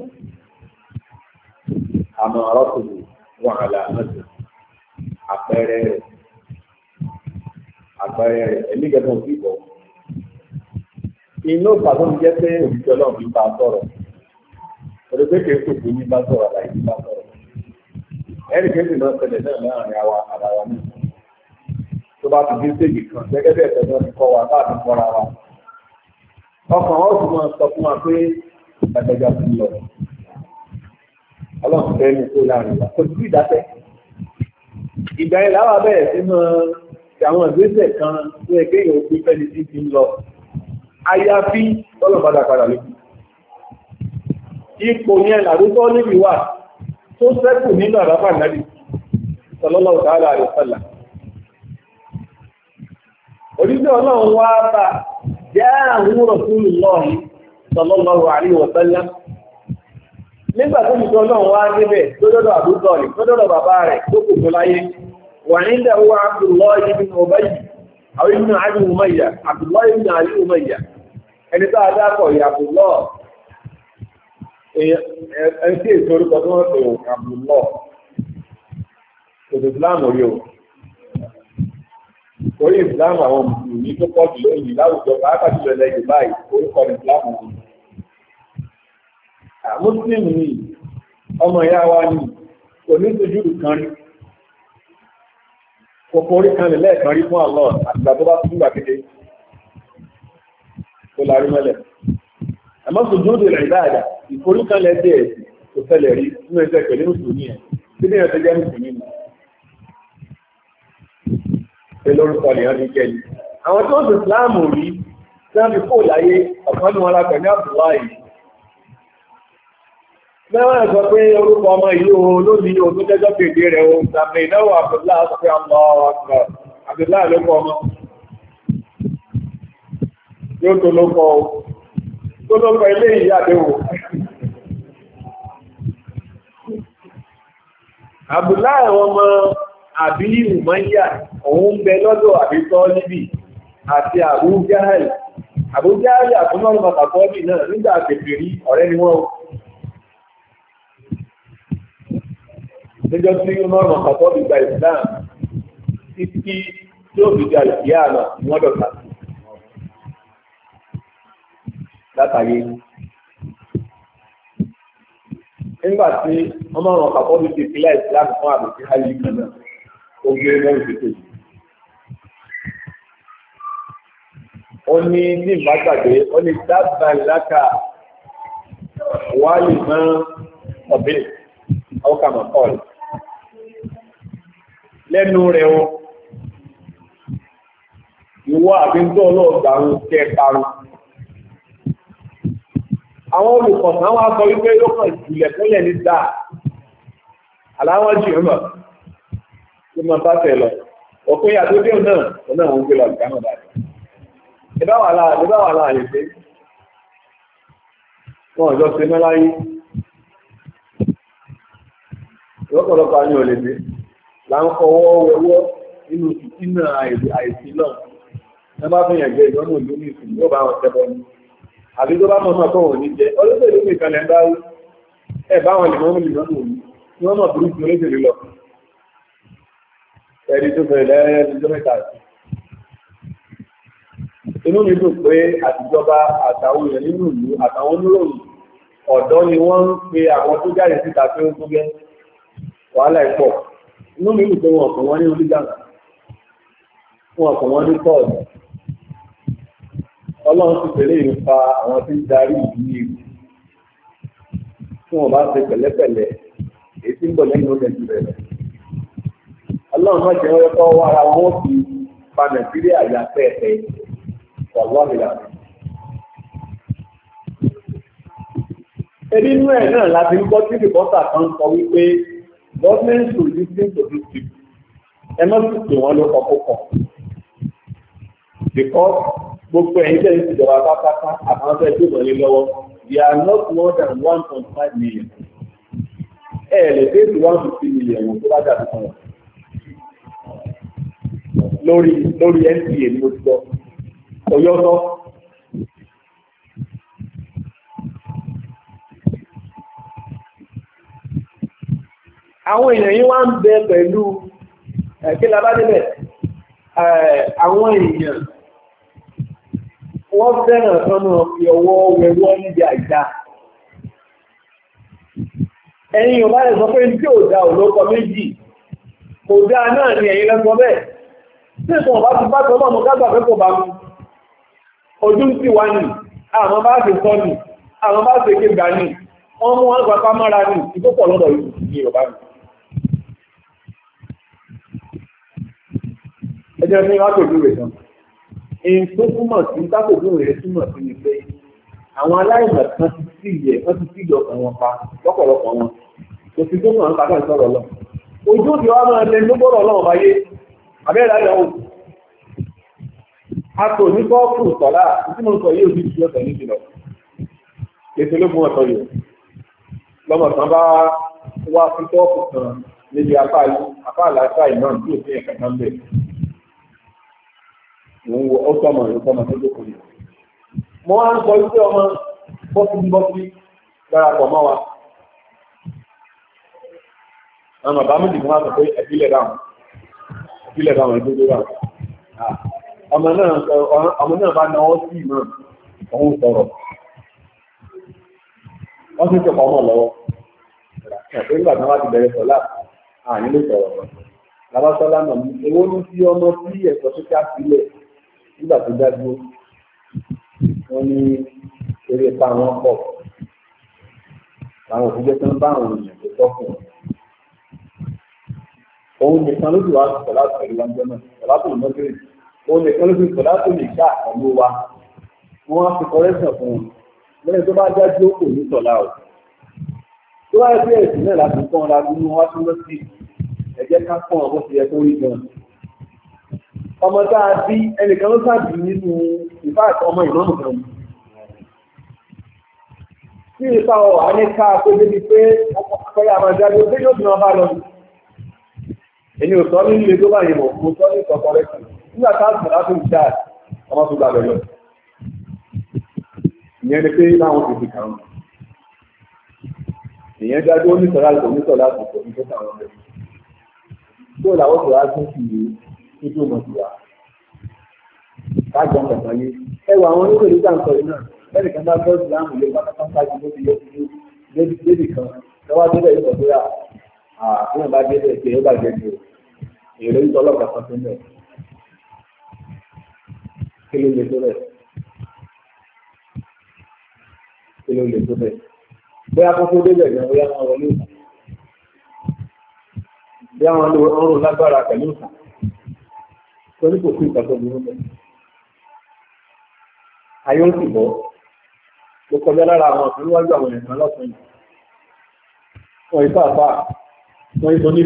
àmọ́ ọlọ́kùnrin wọn àlà àmọ́tò àpẹẹrẹ rẹ̀ àpẹẹrẹ rẹ̀ ẹ̀mí gẹ́gẹ́ òbí bọ̀. inú pàtó mi jẹ́ pé òbíjọ́ náà fi bá a sọ̀rọ̀ olùgbékèé kò fún mi bá sọ̀rọ̀ àlàyé mi bá sọ̀rọ̀ ẹnì kejì náà ṣẹlẹ̀ náà láàrin àwa àdáwa náà tó bá ti dé séjì kan gẹ́gẹ́ bí ẹ̀sẹ̀ náà ti kọ́ wa láti kọ́ra wa ọkàn ọ̀sùn máa sọ fún wa pé ẹgbẹ̀gbẹ̀ ti lọ ọlọ́run fẹ́ mi kó láàrin wa kò sí ìdáfẹ́. ìgbà yẹn làwọn abẹ́rẹ́ sí mọ àwọn ìgbésẹ̀ kan tó yẹ kéèyàn òkú fẹ́ni tí ti ń lọ àyàfi tọ́lọ̀ padà padà lókù. ipò yẹn làrúkọ níbi wà tó sẹ́kù nínú àràfà nàbì sallallahu ta'ala alaihi wasallam. òdíjọ́ ọlọ́run wá bá jẹ́ àwọn Rasulullah sallallahu alaihi wasallam nígbà tó ti tọ́lọ́ wá níbẹ̀ tó dọ́dọ̀ àbútọ́ rẹ̀ tó dọ́dọ̀ bàbá rẹ̀ tó kù fún láyé wà ní ìdá owó Abdullahi ibn iji àwọn ibn Ali ẹni tó adákọ̀ yìí Abdullahi ẹni èso orúkọ tó wọ́n pè ó muslim ni ọmọ ìyá wa ni kò ní tójú kan rí kòkò orí kan lè lẹ́ẹ̀kan rí fún Allah àtìgbà tó bá tún gbà kéde tó larí mọ́lẹ̀ àmọ́ tó dúró dè láì dáadáa ìforí kan lẹ́ dẹ̀ kò ṣẹlẹ̀ rí nínú ẹsẹ̀ pẹ̀lú mùsùlùmí ẹ̀ tí bí ẹ̀sẹ̀ jẹ́ mùsùlùmí ni pé lórúkọ nìyàn ní kẹ́lì àwọn tó ń sọ ìsìláàmù rí tí wọ́n fi kó láyé ọ̀kan ní wọn lápẹ̀ ní Abdullahi Mẹ́wọ́n ẹ̀sọ pé orúkọ ọmọ ìlú olóòní omi jẹ́jọ́ pèdè rẹ̀ ohun tàbí ìnáwó Abdullahi Asọ́fẹ́ ọmọ ọ̀pọ̀ Abdullahi ló kọ ọmọ. Yóò tó ló kọ o. Tó ló kọ ilé ìyí àdéhùn. Abdullahi ọmọ àbí Umayya òun ń bẹ lọ́dọ̀ àbí Tọ́líbì àti Abu Jahal. Abu Jahal àtúmọ̀ ọ̀rọ̀ bàtà Tọ́líbì náà nígbà àgbègbè lọ́jọ́ tí Umar Khattab gba Islam títí tí ó fi gba ìyá àná ni wọ́n dọ̀tà sí látàyé. Nígbà tí Umar Khattab ti ìpínlẹ̀ Islam fún àbùkù ayé kan náà, ó gbé mẹ́rin sí kejì. ó ní ní ìbátàgbé ó ní dábà ìláka wà lè mọ́ ọ̀bẹ̀ ọkà mọ̀kọ́ọ̀lù lẹ́nu rẹ̀ wọn ìwọ àbíntọ́ ọlọ́ọ̀gbà wọn kẹ́ parun àwọn olùkọ̀sán wá sọ wípé yóò kàn jùlẹ̀ fúnlẹ̀ ní dáa aláwọ̀ jù tí bá tẹ̀ lọ ọ̀pẹ́ yàtọ̀ dé náà gbé lọ ìgbà náà dáadáa ìbá wà là ń fọwọ́ wọwọ́ nínú ìtìnà àìsí náà ẹ bá fi yànjẹ ìdánwò ìlú ní ìsìn yóò bá wọn tẹ́bọ̀ ní àbí tó bá mọ̀ náà kọ̀wọ̀ ní jẹ olóṣèlú nìkan lẹ́ ń bá ẹ bá wọn lèmọ́mù lèmọ́mù òní ni wọ́n mọ̀ burúkú olóṣèlú lọ ẹni tó fẹ́ lẹ́yìn tó mẹ́ta sí inú mi dùn pé àtijọba àtàwọn èèyàn nínú ìlú àtàwọn oníròyìn ọ̀dọ́ ni wọ́n ń pe àwọn tó jáde síta pé ó tó gẹ́ wàhálà ìpọ̀ inú mi nìkan wọn ọ̀kan wọn ní onígbàgbà wọn ọ̀kan wọn ní kọ́ọ̀dù ọlọ́run ti tẹ̀lé ìlú fa àwọn tí ń darí ìlú ìlú tí wọn bá ṣe pẹ̀lẹ́pẹ̀lẹ́ èyí tí ń bọ̀ lẹ́yìn oúnjẹ ti bẹ̀rẹ̀ ọlọ́run náà jẹ́ wọ́n kọ́ wára wọn fi pa nàìjíríà yà pẹ́ẹ́pẹ́ wàlúwà mi làbẹ́. inú ẹ̀ náà la ń gbọ́ tí rìpọ́tà kan sọ wípé government should listen to this. people ẹ má sì pè wọ́n ló kọ́kọ́ because gbogbo ẹ̀yin tẹ̀lé ìjọba pátápátá àtàwọn tẹ̀lé tó wọlé lọ́wọ́ they are not more than one point five million ẹ lè dé sí one fifty million wọn tó bá dàbí kan wọn lórí lórí NPA ni mo ti gbọ́ Ọ̀yọ́ sọ. àwọn èèyàn yìí wá ń bẹ pẹ̀lú ẹ̀kí labádébẹ̀ àwọn èèyàn wọ́n fẹ́ràn sọ́nà ìyọ̀wọ́ wẹ̀wọ́ níbi àìdá ẹ̀yìn yóò bá lè sọ pé tí ò dá òlókọ méjì kò dá náà ni ẹ̀yìn lẹ́sọ bẹ́ẹ̀ tí ìsọ̀n bá ti bá sọ náà mo kágbà pé kò bá mu ojú sì wá nì àwọn bá ti sọ nì àwọn bá ti ké gbà nì wọ́n mú wọn gbapá mọ́ra nì ìtópọ̀ lọ́dọ̀ yìí ní Yorùbá jẹ́ ní látòjú rẹ̀ náà èyí tó túmọ̀ sí látòjú rẹ̀ túmọ̀ sí ni pé àwọn aláìmọ̀ kan ti sí ìyẹ̀ kan ti sí ìyọ̀ kan wọn pa lọ́pọ̀lọpọ̀ wọn kò sí tó mọ̀ nípa sọ̀rọ̀ lọ ojú òdì wa máa lẹ ló gbọ́dọ̀ lọ́wọ́ báyé abẹ́rẹ́ ayọ̀ òkú a kò ní kọ́ọ̀kù sọ̀lá tí mo sọ yóò fi ti ọ̀sẹ̀ ní ìlọ ètò ló mú ọ̀tọ̀ yìí lọ́mọ kan bá wá fi kọ́ọ̀kù kan níbi apá àlàáfíà ìmọ̀ tí òfin ẹ̀ka kan bẹ̀rẹ̀ mò wo ọ̀sọ́ ọmọ rẹ̀ sọmọ tó lókun yìí. wá ń sọ wípé ọmọ bọ́sibọ́sí darapọ̀ mọ́ wa. àwọn bàbá méjì mú wa pé ẹ̀bílẹ̀ dáhùn ẹ̀bílẹ̀ dáhùn ẹ̀dódó dáhùn. Ah, ọmọ náà ọmọ náà bá sí ìmọ̀ òun sọ̀rọ̀ wọ́n ti sọ̀kọ̀ ọmọ lọ́wọ́ ẹ̀fẹ́ nígbà tí bẹ̀rẹ̀ sọ̀lá àní ló sọ̀rọ̀ lọ́wọ́ làbásọ́lá náà ewó ní sí ọmọ sí ẹ̀sọ́ tó ká sílẹ̀ nígbà tó dágbó wọn ní eré pa wọn pọ àwọn òfin jẹ́ pé ń bá àwọn èèyàn tó tọ́kùn òun nìkan ló sì wá sọ̀lá pẹ̀lú wa jẹ́ náà sọ̀lá tó lọ́jọ́ yìí òun nìkan ló sì sọ̀lá tó lè ká àkàlù wa wọ́n á fi kọ́rẹ́sàn fún un lẹ́yìn tó bá dájú ó kò ní sọ̀lá o tó bá yẹ kí ẹ̀sìn náà láti kọ́ ọ́n la gbé wọn wá sí lọ́sí ẹ̀jẹ̀ ká kọ́ ọ bó ti yẹ kó rí gan-an ọmọ tá a bí ẹnìkan ló sáàbì nínú ìfà ọmọ ìmọ̀mù kan tí ìfà ọ̀ àníkà pé débi pé ọkọ̀ọ́yà máa jáde ó déjọ́ ìdùnnà bá lọ èmi ò sọ ní ilé tó bá yìí mọ̀ mo sọ ní ìsọ̀kọ̀ rẹ̀ kù nígbà tá a sùn láti ń dá ọmọ tó gbàgbẹ́ lọ ìyẹn ni pé láwọn ti fi kàn án èèyàn jáde ó ní sọ̀rọ̀ àti òní sọ̀rọ̀ àti òní tó sàwọn ọmọ rẹ̀ tó làwọn sọ̀rọ̀ àti òní ibi ò mọ̀ sí wa. Káàgbọ́n àwọn oníkò ní sáǹkọ̀ yìí náà. Bẹ́ẹ̀ni kan bá gbọ́ ìsìláàmù lé pátápátá ju bó ti yẹ kí débì kan. Lọ́wọ́ débẹ̀ yóò sọ pé àbúrò bá débẹ̀ ṣe é bàjẹ́ ju èrè ń tọ́lọ́kà kan tó ń Kí ló lè tó bẹ̀? Kí ló lè tó bẹ̀? Bóyá kókó débẹ̀ gan, bóyá wọn wọlé ìtàn. Bí àwọn ọrùn lágbára pẹ̀lú ìtàn torí kò sí ìgbàgbọ́ mi níbẹ̀. ayé ó sì bọ́ mo kọjá lára àwọn ọ̀sán níwájú àwọn ẹ̀sán lọ́sàn yìí wọ́n ìfà àfà wọ́n ìfọ̀ ní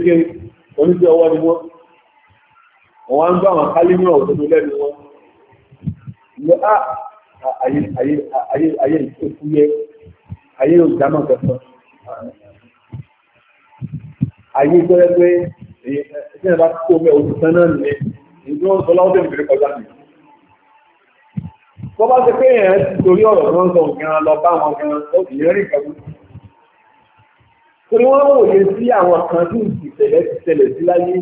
ah, pé ìdí wọn sọ láwọn tẹ̀lé kọjá mi. tó bá ti pé èèyàn ti torí ọ̀rọ̀ tó ń sọ gan lọ bá wọn gan ó sì yẹn rí ìkàwé. torí wọn wòye sí àwọn kan tí ìṣẹ̀lẹ̀ ti ṣẹlẹ̀ sí láyé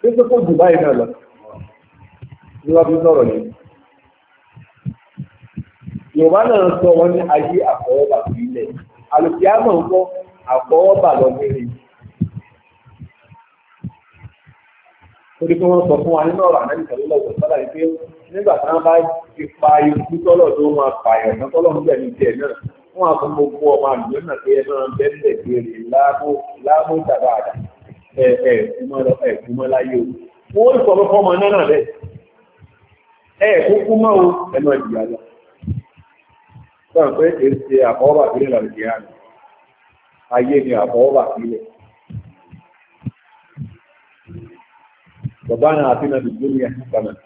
tó tó kó jù báyìí náà lọ ní wọ́n fi sọ̀rọ̀ yìí. Yorùbá náà sọ wọn ní ayé àfọwọ́bà sílẹ̀. Àlùfíà mọ̀ ń kọ́ àfọwọ́bà lọ́gbẹ̀rẹ̀ yìí. torí pé wọ́n sọ fún wa nínú ọ̀rọ̀ àmẹ́lì tẹ̀lélọ́ ìtọ̀ sọ́dà yìí pé nígbà tí wọ́n bá ti pa ikú tọ́lọ̀ tó máa pààyàn náà tọ́lọ̀ ń bẹ̀ ní tiẹ̀ náà wọ́n á fún gbogbo ọmọ àdúgbò náà pé ẹ máa bẹ́ẹ̀ bẹ̀rẹ̀ láàbò ìjàmbá àdá ẹ ẹ kúmọ́ láyé o wọ́n sọ fún ọmọ náà náà bẹ́ẹ̀ ẹ kúkú mọ́ o ẹ máa jìyà lọ. sọ pé èsì àfọwọ́bà sílẹ̀ ربنا آتنا بالدنيا الدنيا حسنة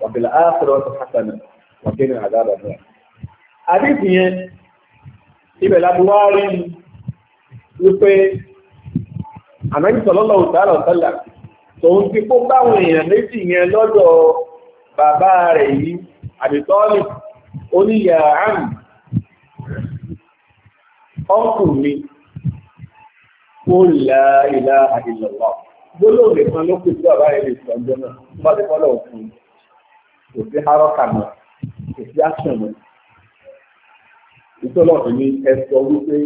وفي الآخرة حسنة وقنا عذاب النار àdìsí yẹn ibẹ̀ láti wá rí wípé àmẹ́jì sọlọ́lọ́ òtàlá òtàlá tòun ti kó báwọn èèyàn méjì yẹn lọ́dọ̀ bàbá rẹ̀ yìí àdìtọ́lì oníyà ọkùnrin kó la ilaha illallah gbólóhùn nìkan ló kù sí bàbá yẹn lè sọ ọjọ́ náà bá ti kọ́ lọ́wọ́ fún un kò sí harọ́kà náà kò sí action náà ìtọ́lọ́ fi ní ẹ sọ wípé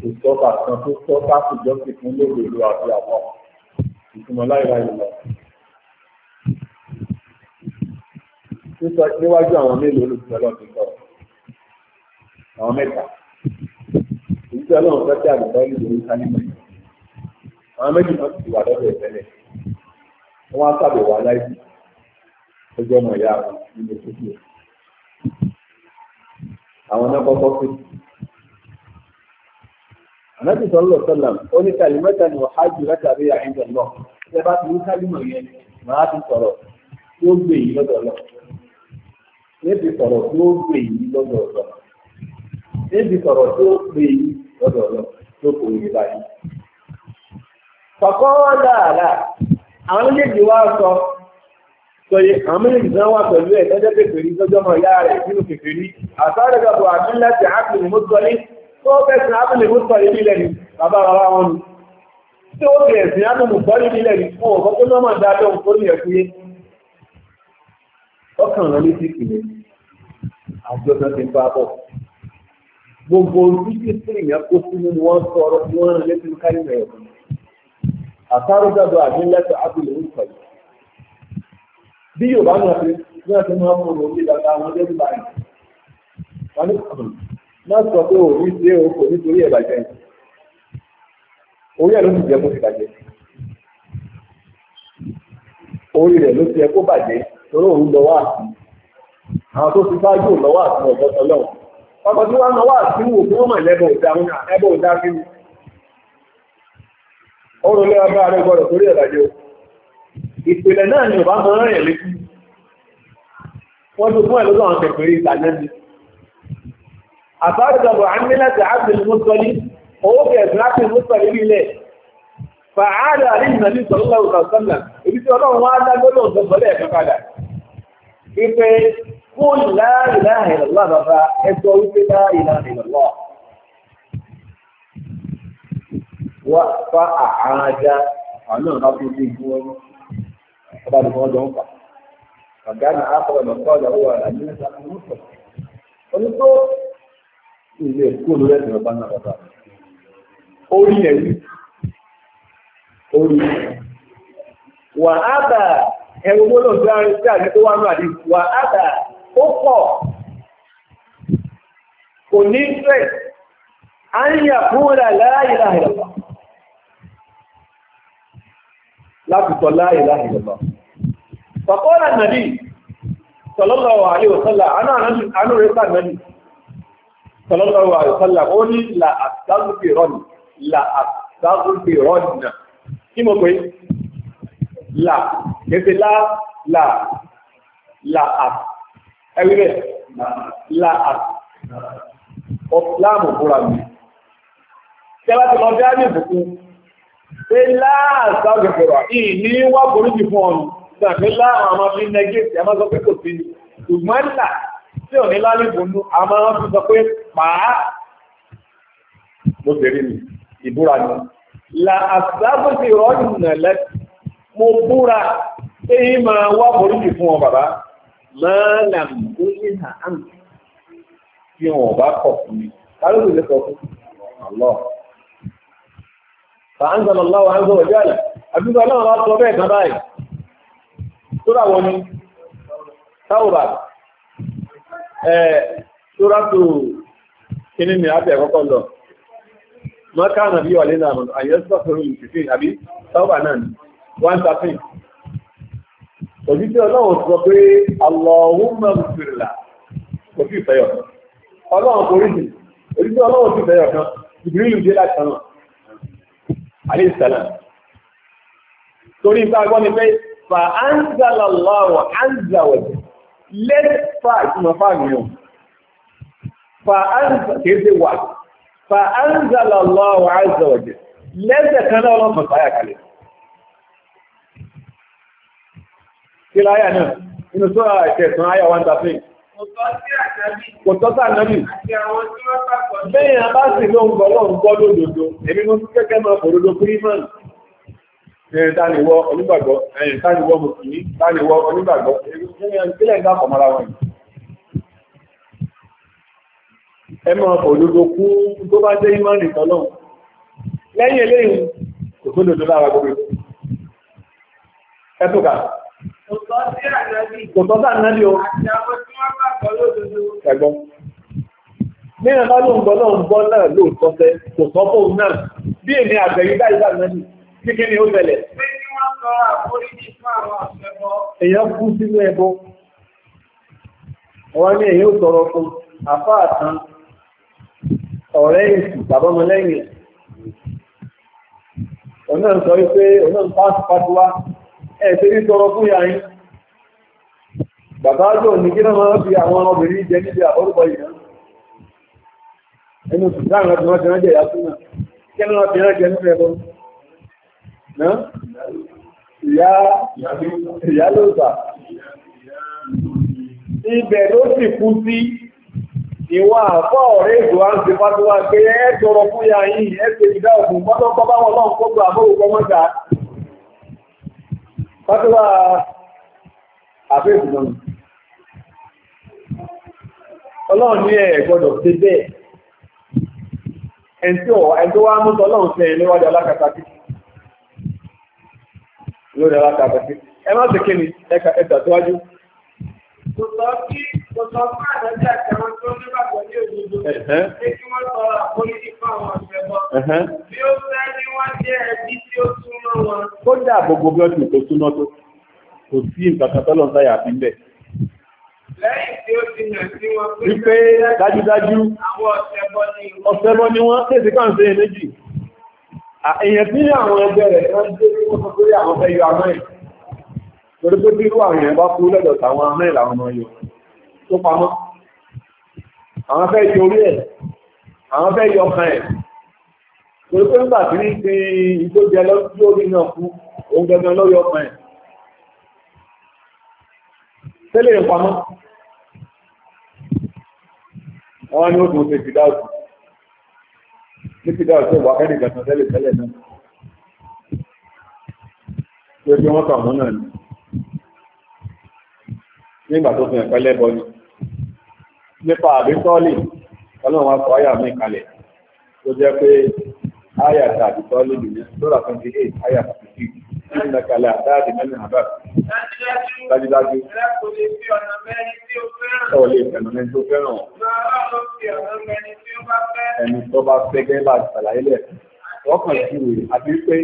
kò sọ́kà kan tó sọ́kà àtijọ́ ti fún lóde ìlú àti àwọn ìtumọ̀ láìláì lọ. sísọ níwájú àwọn mélòó olùsọ̀lọ́ ti sọ àwọn mẹ́ta ìdíjọ́ ọlọ́run fẹ́ kí àgbẹ̀dọ́ ìlú ìlú sálímẹ̀. àwọn méjì náà ti wà lọ́dọ̀ ìtẹ́lẹ̀ wọ́n á sàbẹ̀wò aláìsí lójú ọmọ ìyá wọn nínú títì àwọn náà kọ́kọ́ pé ànábì sọ́lọ́ sọ́làm ó ní kàlímẹ́ta ni ṣe bá ti ní yẹn màá ti tí ó lọ kọ̀kọ́ dáàlà àwọn méjèèjì wá sọ sọye àwọn méjèèjì náà wà pẹ̀lú ẹ̀ tọ́jọ́ kékeré tọ́jọ́ mọ̀ ìyá rẹ̀ nínú kékeré àtàrẹ̀ gbogbo àbí láti ápìlì mọ́tọ́lé tó fẹ̀sìn ápìlì mọ́tọ́lé nílẹ̀ ni bàbá bàbá wọn ni tí ó fi ẹ̀sìn ápìlì mọ́tọ́lé nílẹ̀ ni fún ọ̀kọ́ tó mọ̀ dá lóhun tó ní ẹ̀kú yé ọkàn rẹ̀ létí kìlẹ̀ àjọ náà ti ń bá bọ̀ gbogbo ojú tí èèyàn kó sínú ni wọ́n sọ ọ̀rọ̀ tí wọ́n rán létí kárí mẹ́rin àtàrúgbàdo àdínlẹ́tọ̀ àbúlé ń pẹ̀lú. bí yorùbá náà fi ní àti máa mú un orí dada wọn wọn ní hmm, sọ pé òkò nítorí orí ẹ̀ ló ti jẹ́ kó ti bàjẹ́ orí lọ wá àti àwọn tó ti lọ wá àti ọ̀dọ́ lọ wá àti wò fún ọmọ ẹ̀lẹ́bọ̀ ọrọ̀ lé abá rẹ̀ gbọ́dọ̀ torí ẹ̀dàjẹ́ o ìpìlẹ̀ náà ni ọba mọ́ rẹ̀ létí wọ́n tó fún ẹ̀ lọ́dọ̀ àwọn kẹfẹ́rí ìtànẹ́ni àbájábọ̀ àmìlẹ́tì ábìlì mọ́sọ́lí owó kẹfẹ́ ábìlì mọ́sọ́lí nílẹ̀ fàáàrẹ̀ àríyìn nàní sọ̀rọ̀lọ́wọ́ sọ̀sọ́lá ibi tí ọlọ́run wá dá gbọ́dọ̀ sọ̀sọ́lẹ̀ ẹ̀fẹ́ padà ipe kó láàrín láàrín wá fa àhàdá àwọn náà bá tó dé ibi wọn ọba ni wọn jọ ń fà ọgá ní àkọọlẹ lọkọ ọjà owó àlà ní ẹsẹ àwọn ọmọ onítọ ilé ẹ̀kọ́ lórí ẹsẹ ọba náà bàbá orí ẹ̀rí orí wà á bà ẹ̀rọ owó náà dáa ní àjẹ tó wà ní àdé wà á bà ó pọ̀ kò ní fẹ́ àyàkúrà láàyè láàyè lọ́wọ́. láti sọ la ilaha illallah faqala nàbí sallallahu alaihi wasallam àánú rẹ̀ sà nàbí sallallahu alaihi wasallam ó ní là àtàgùfèrọ́nì là àtàgùfèrọ́nì náà kí mo pé là kẹsẹ̀ lá là là ẹ̀rí rẹ̀ là ọ̀pláàmù fúra mi. Tẹ́lá ti lọ bí á ní ìbùkún pé láàtà gbẹ̀gbẹ̀rọ̀ ìní wá boríjì fún ọ̀nà tàbí láàrín àwọn bí nẹgẹ́sì a máa sọ pé kò sí ní ṣùgbọ́n ńlá tí ò ní lálébùnú a máa fi sọ pé pàá mo tẹ̀rí mi ìbúra ni la àsábòsí rọ́ọ̀nà lẹ́ mo búra pé yí máa wá boríjì fún ọ bàbá máa làm ó ní hàn án kọ̀ fún mi kálódé lè sọ fún Allah fàánzàlọ́láwà ń gbọ́wọ̀ jẹ́ àbíkọ́ náà wá sọ bẹ́ẹ̀ kan báyìí tó rà wọ́n ni táwùrà ẹ̀ tó rà tó kíní ni àbẹ̀ àkọ́kọ́ lọ mọ́ká náà bí wà lé náà mọ̀nà àyẹ́ sọ fẹ́rù ìfìfì àbí táwùrà náà ni wọ́n ta fìn òjijì ọlọ́run sọ pé Allahumma mùsùlùmá kò sí ìfẹ́yọ̀ ọlọ́run kò rí jù òjijì ọlọ́run sì fẹ́yọ̀ kan ìbírí ìlú dé láti kan náà àríṣẹ́lá torí ìta gbọ́ ni pé fa anzalallahu anzawajẹ let fa ìtumọ̀ fa mìíràn fa kéèsè wà fa anzalallahu anzawajẹ lẹ́sẹ̀ kan náà lọ́pọ̀ sáyà kalẹ̀ kí láyà náà inú sọ́ra ìkẹsàn áyà 1 3 Kòtọ́sà náàbì. a àbá sì ló ń gbọ́lọ́ ń gbọ́ lódòdó, èmi mú kẹ́kẹ́ máa bòdòdó Freeman. Ẹ̀yìn tániwọ́ onígbàgbọ́, ẹ̀yìn tániwọ́ mùsùlùmí, tániwọ́ onígbàgbọ́, ẹ̀yìn kílẹ̀ ń dápọ̀ kú tó bá jẹ́ ìmọ̀nì tọ́lọ́. Lẹ́yìn eléyìn, kò tó ẹ̀gbọ́n mìíràn bá ló ń gbọ́ náà ń gbọ́ náà lóòótọ́ fẹ́ kò sọ fóun náà bí èmi àgbẹ̀yìn báyìí bá náà nì kí kí ni ó bẹ̀lẹ̀. èèyàn kú sínú ẹbọ wọn ní èyí ó sọ̀rọ̀ fún àfa àtàn ọ̀rẹ́ ìsù bàbọ́mọlẹ́yìn òun náà sọ wípé òun náà ń pàṣípàṣíwá ẹ̀ ṣe ní sọ̀rọ̀ fún yàrá bàbá yóò ní kí náà máa fi àwọn obìnrin jẹ níbi àkọ́rùkọ yìí náà ẹnu sùdá àwọn ọdún ọdún ọjọ́ ìyá súnà kí náà fi rán jẹ níbi ẹ̀kọ́ náà ìyá ló sà ibẹ̀ ló sì kú sí ìwà àkọ́ ọ̀rẹ́ ìdò à ń ṣe fásitì pé ẹ tọrọ fún ya yìí ẹ ṣe ìdá ògùn pátọ́pọ́ báwọn ọlọ́run kó gbà àbọ̀wò àfẹ́ ìdùnnà ọlọ́run ní ẹ̀ gbọ́dọ̀ ṣe bẹ́ẹ̀ ẹn tí ó ẹn tó wá mú tọ́lọ́run fẹ́ níwájú alákatakí lórí alákatakí ẹ má ṣe ni ẹ̀ka ẹ̀ta síwájú. kò kò sọ fún àdájọ́ àtàwọn tó ní òdodo pé kí bí ó fẹ́ ni wọ́n jẹ́ ẹbí tí ó súnmọ́ wọn. kódà gbogbo bí wọ́n ti tó súnmọ́ tó kò sí nǹkan tọ́lọ̀ sáyà fi bẹ̀. lẹ́yìn tí ó ti yàn sí wọn pé dájúdájú àwọn ọ̀sẹ̀bọ ni wọ́n tèsí kàn sí méjì èèyàn tí àwọn ẹgbẹ́ rẹ̀ kan dé tí wọ́n sọ pé àwọn fẹ́ yọ amẹ́ torí pé tó àwọn fẹ́ yọ orí ẹ̀ àwọn fẹ́ yọ kan ẹ̀ torí pé ńgbà tí ní ti ìtó jẹ orí náà kú òun gẹ́gẹ́ lọ́yọ̀ ẹ̀ tẹ́lẹ̀ yẹn pamọ́ àwọn ni ó tún ṣe fìdáùsì ní fìdáùsì ìwà kẹ́ni gàtàn tẹ́lẹ̀ tẹ́lẹ̀ náà tó bí wọ́n kàwọn náà ni nígbà tó fi hàn pẹ́lẹ́ bọ́ ni nípa àbí tọ́lì ọlọ́run wa kọ àyà mi kalẹ̀ tó jẹ́ pé àyà tàbí tọ́lì nìyẹn lọ́la twenty àyà tàbí nígbà kalẹ̀ àdáàdì mẹ́rin àbá dájúdájú. Ọ̀ lè fẹ̀nà mẹ́ni tó fẹ́ràn. Ẹni tó bá fẹ́ gẹ́gẹ́ bá ṣàlàyé lẹ̀. Wọ́n kàn sí ìwé àti pé.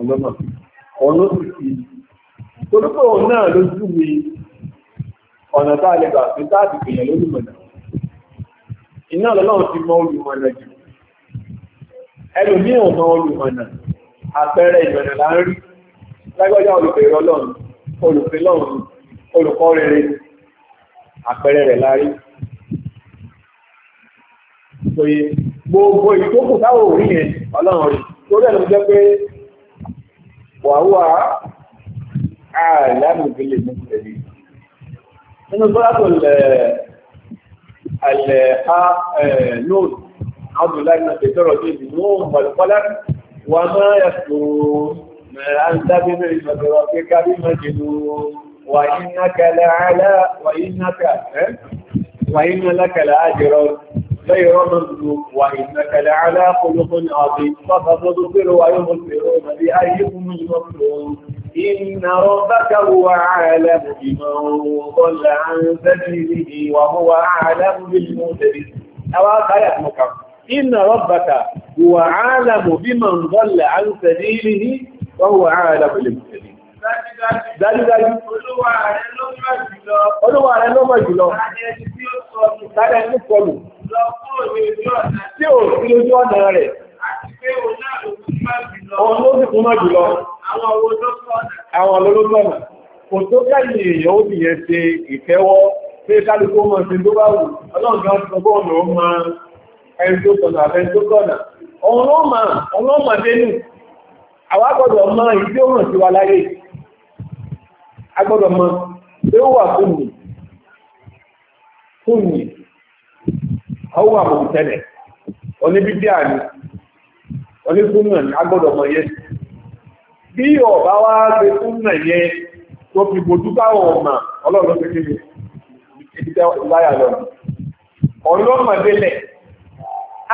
Ọlọ́mọ. Ọ̀nà sì fi. Torípé òun náà ló jú mi ọ̀nà tá a lè gbà pé táàbì pèèyàn lónìmọ̀nà. Iná lọ́lọ́run ti mọ olùmọ̀nà jù. Ẹlòmíràn mọ olùmọ̀nà. Àpẹẹrẹ ìmọ̀nà là ń rí lágbájá olùbẹ̀rẹ̀ ọlọ́run olùfẹ́ lọ́run olùkọ́ rere àpẹẹrẹ rẹ̀ lárí pé gbogbo ìtókù táwọn òrí yẹn ọlọ́run rí torí ẹ̀ ló jẹ́ pé wàhúà àìlámùbílẹ̀ mú tẹ̀lé nínú sọ́dọ̀tò alẹ́ ha nóòdù abdullahi náà ṣe tọrọ sí ìdí nóòdù pàlùpàlà wà máa yàtọ̀ أنت بنعمة ربك بمجنون وإنك لعلى وإنك إيه؟ وإن لك لأجر غير مملوك وإنك لعلى خلق عظيم فستبصر ويبصرون بأيكم المظلوم إن ربك هو أعلم بمن ضل عن سبيله وهو أعلم بالمهتدين أو آخر إن ربك هو أعلم بمن ضل عن سبيله wọ́wọ́ ààrẹ lábẹ̀lẹ̀ ìtẹ̀lẹ̀. Dájúdájú. Olúwa rẹ̀ jùlọ. Olúwa rẹ̀ ló jùlọ. Kò tó kẹ́yìn èèyàn ó bìyẹn ṣe ìfẹ́wọ́ pé kálukú mọ̀ sí tó bá wù. Ọlọ́run kan sọ ẹni tó sọ̀nà àfẹ́ni tó sọ̀nà. àwa gbọ́dọ̀ mọ ìdí òhàn sí wa láyé a mọ ó wà fún mi fún mi ó wà tẹ́lẹ̀ oníbíbí àní onífúnnà ní a gbọ́dọ̀ yẹ bí ọ̀bá wá ṣe fúnnà yẹ tó fi bójú báwọn ọmọ ọlọ́run ti kí mi lọ ọlọ́mọdélẹ̀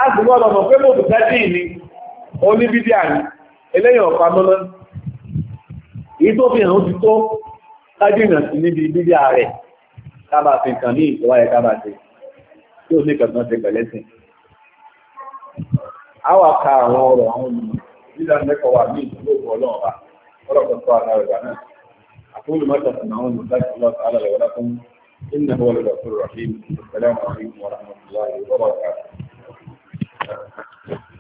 a sì gbọ́dọ̀ mọ̀ pé mo eléyàn ọ̀pá mọ́mọ́ èyí tó fi hàn ó ti tó kájìnà sí níbi bíbí ààrẹ kábà fi kàn ní ìtọ́wà ẹ̀ kábà ṣe tí ó ní kẹ̀kọ́ ṣe pẹ̀lẹ́ sí a ka àwọn ọ̀rọ̀ àwọn olùmọ̀ ní ìdúró ọlọ́run wa tó ara rẹ̀ náà أقول ما تسمعون وذلك الله تعالى ولكم إنه هو الغفور الرحيم السلام عليكم ورحمة الله وبركاته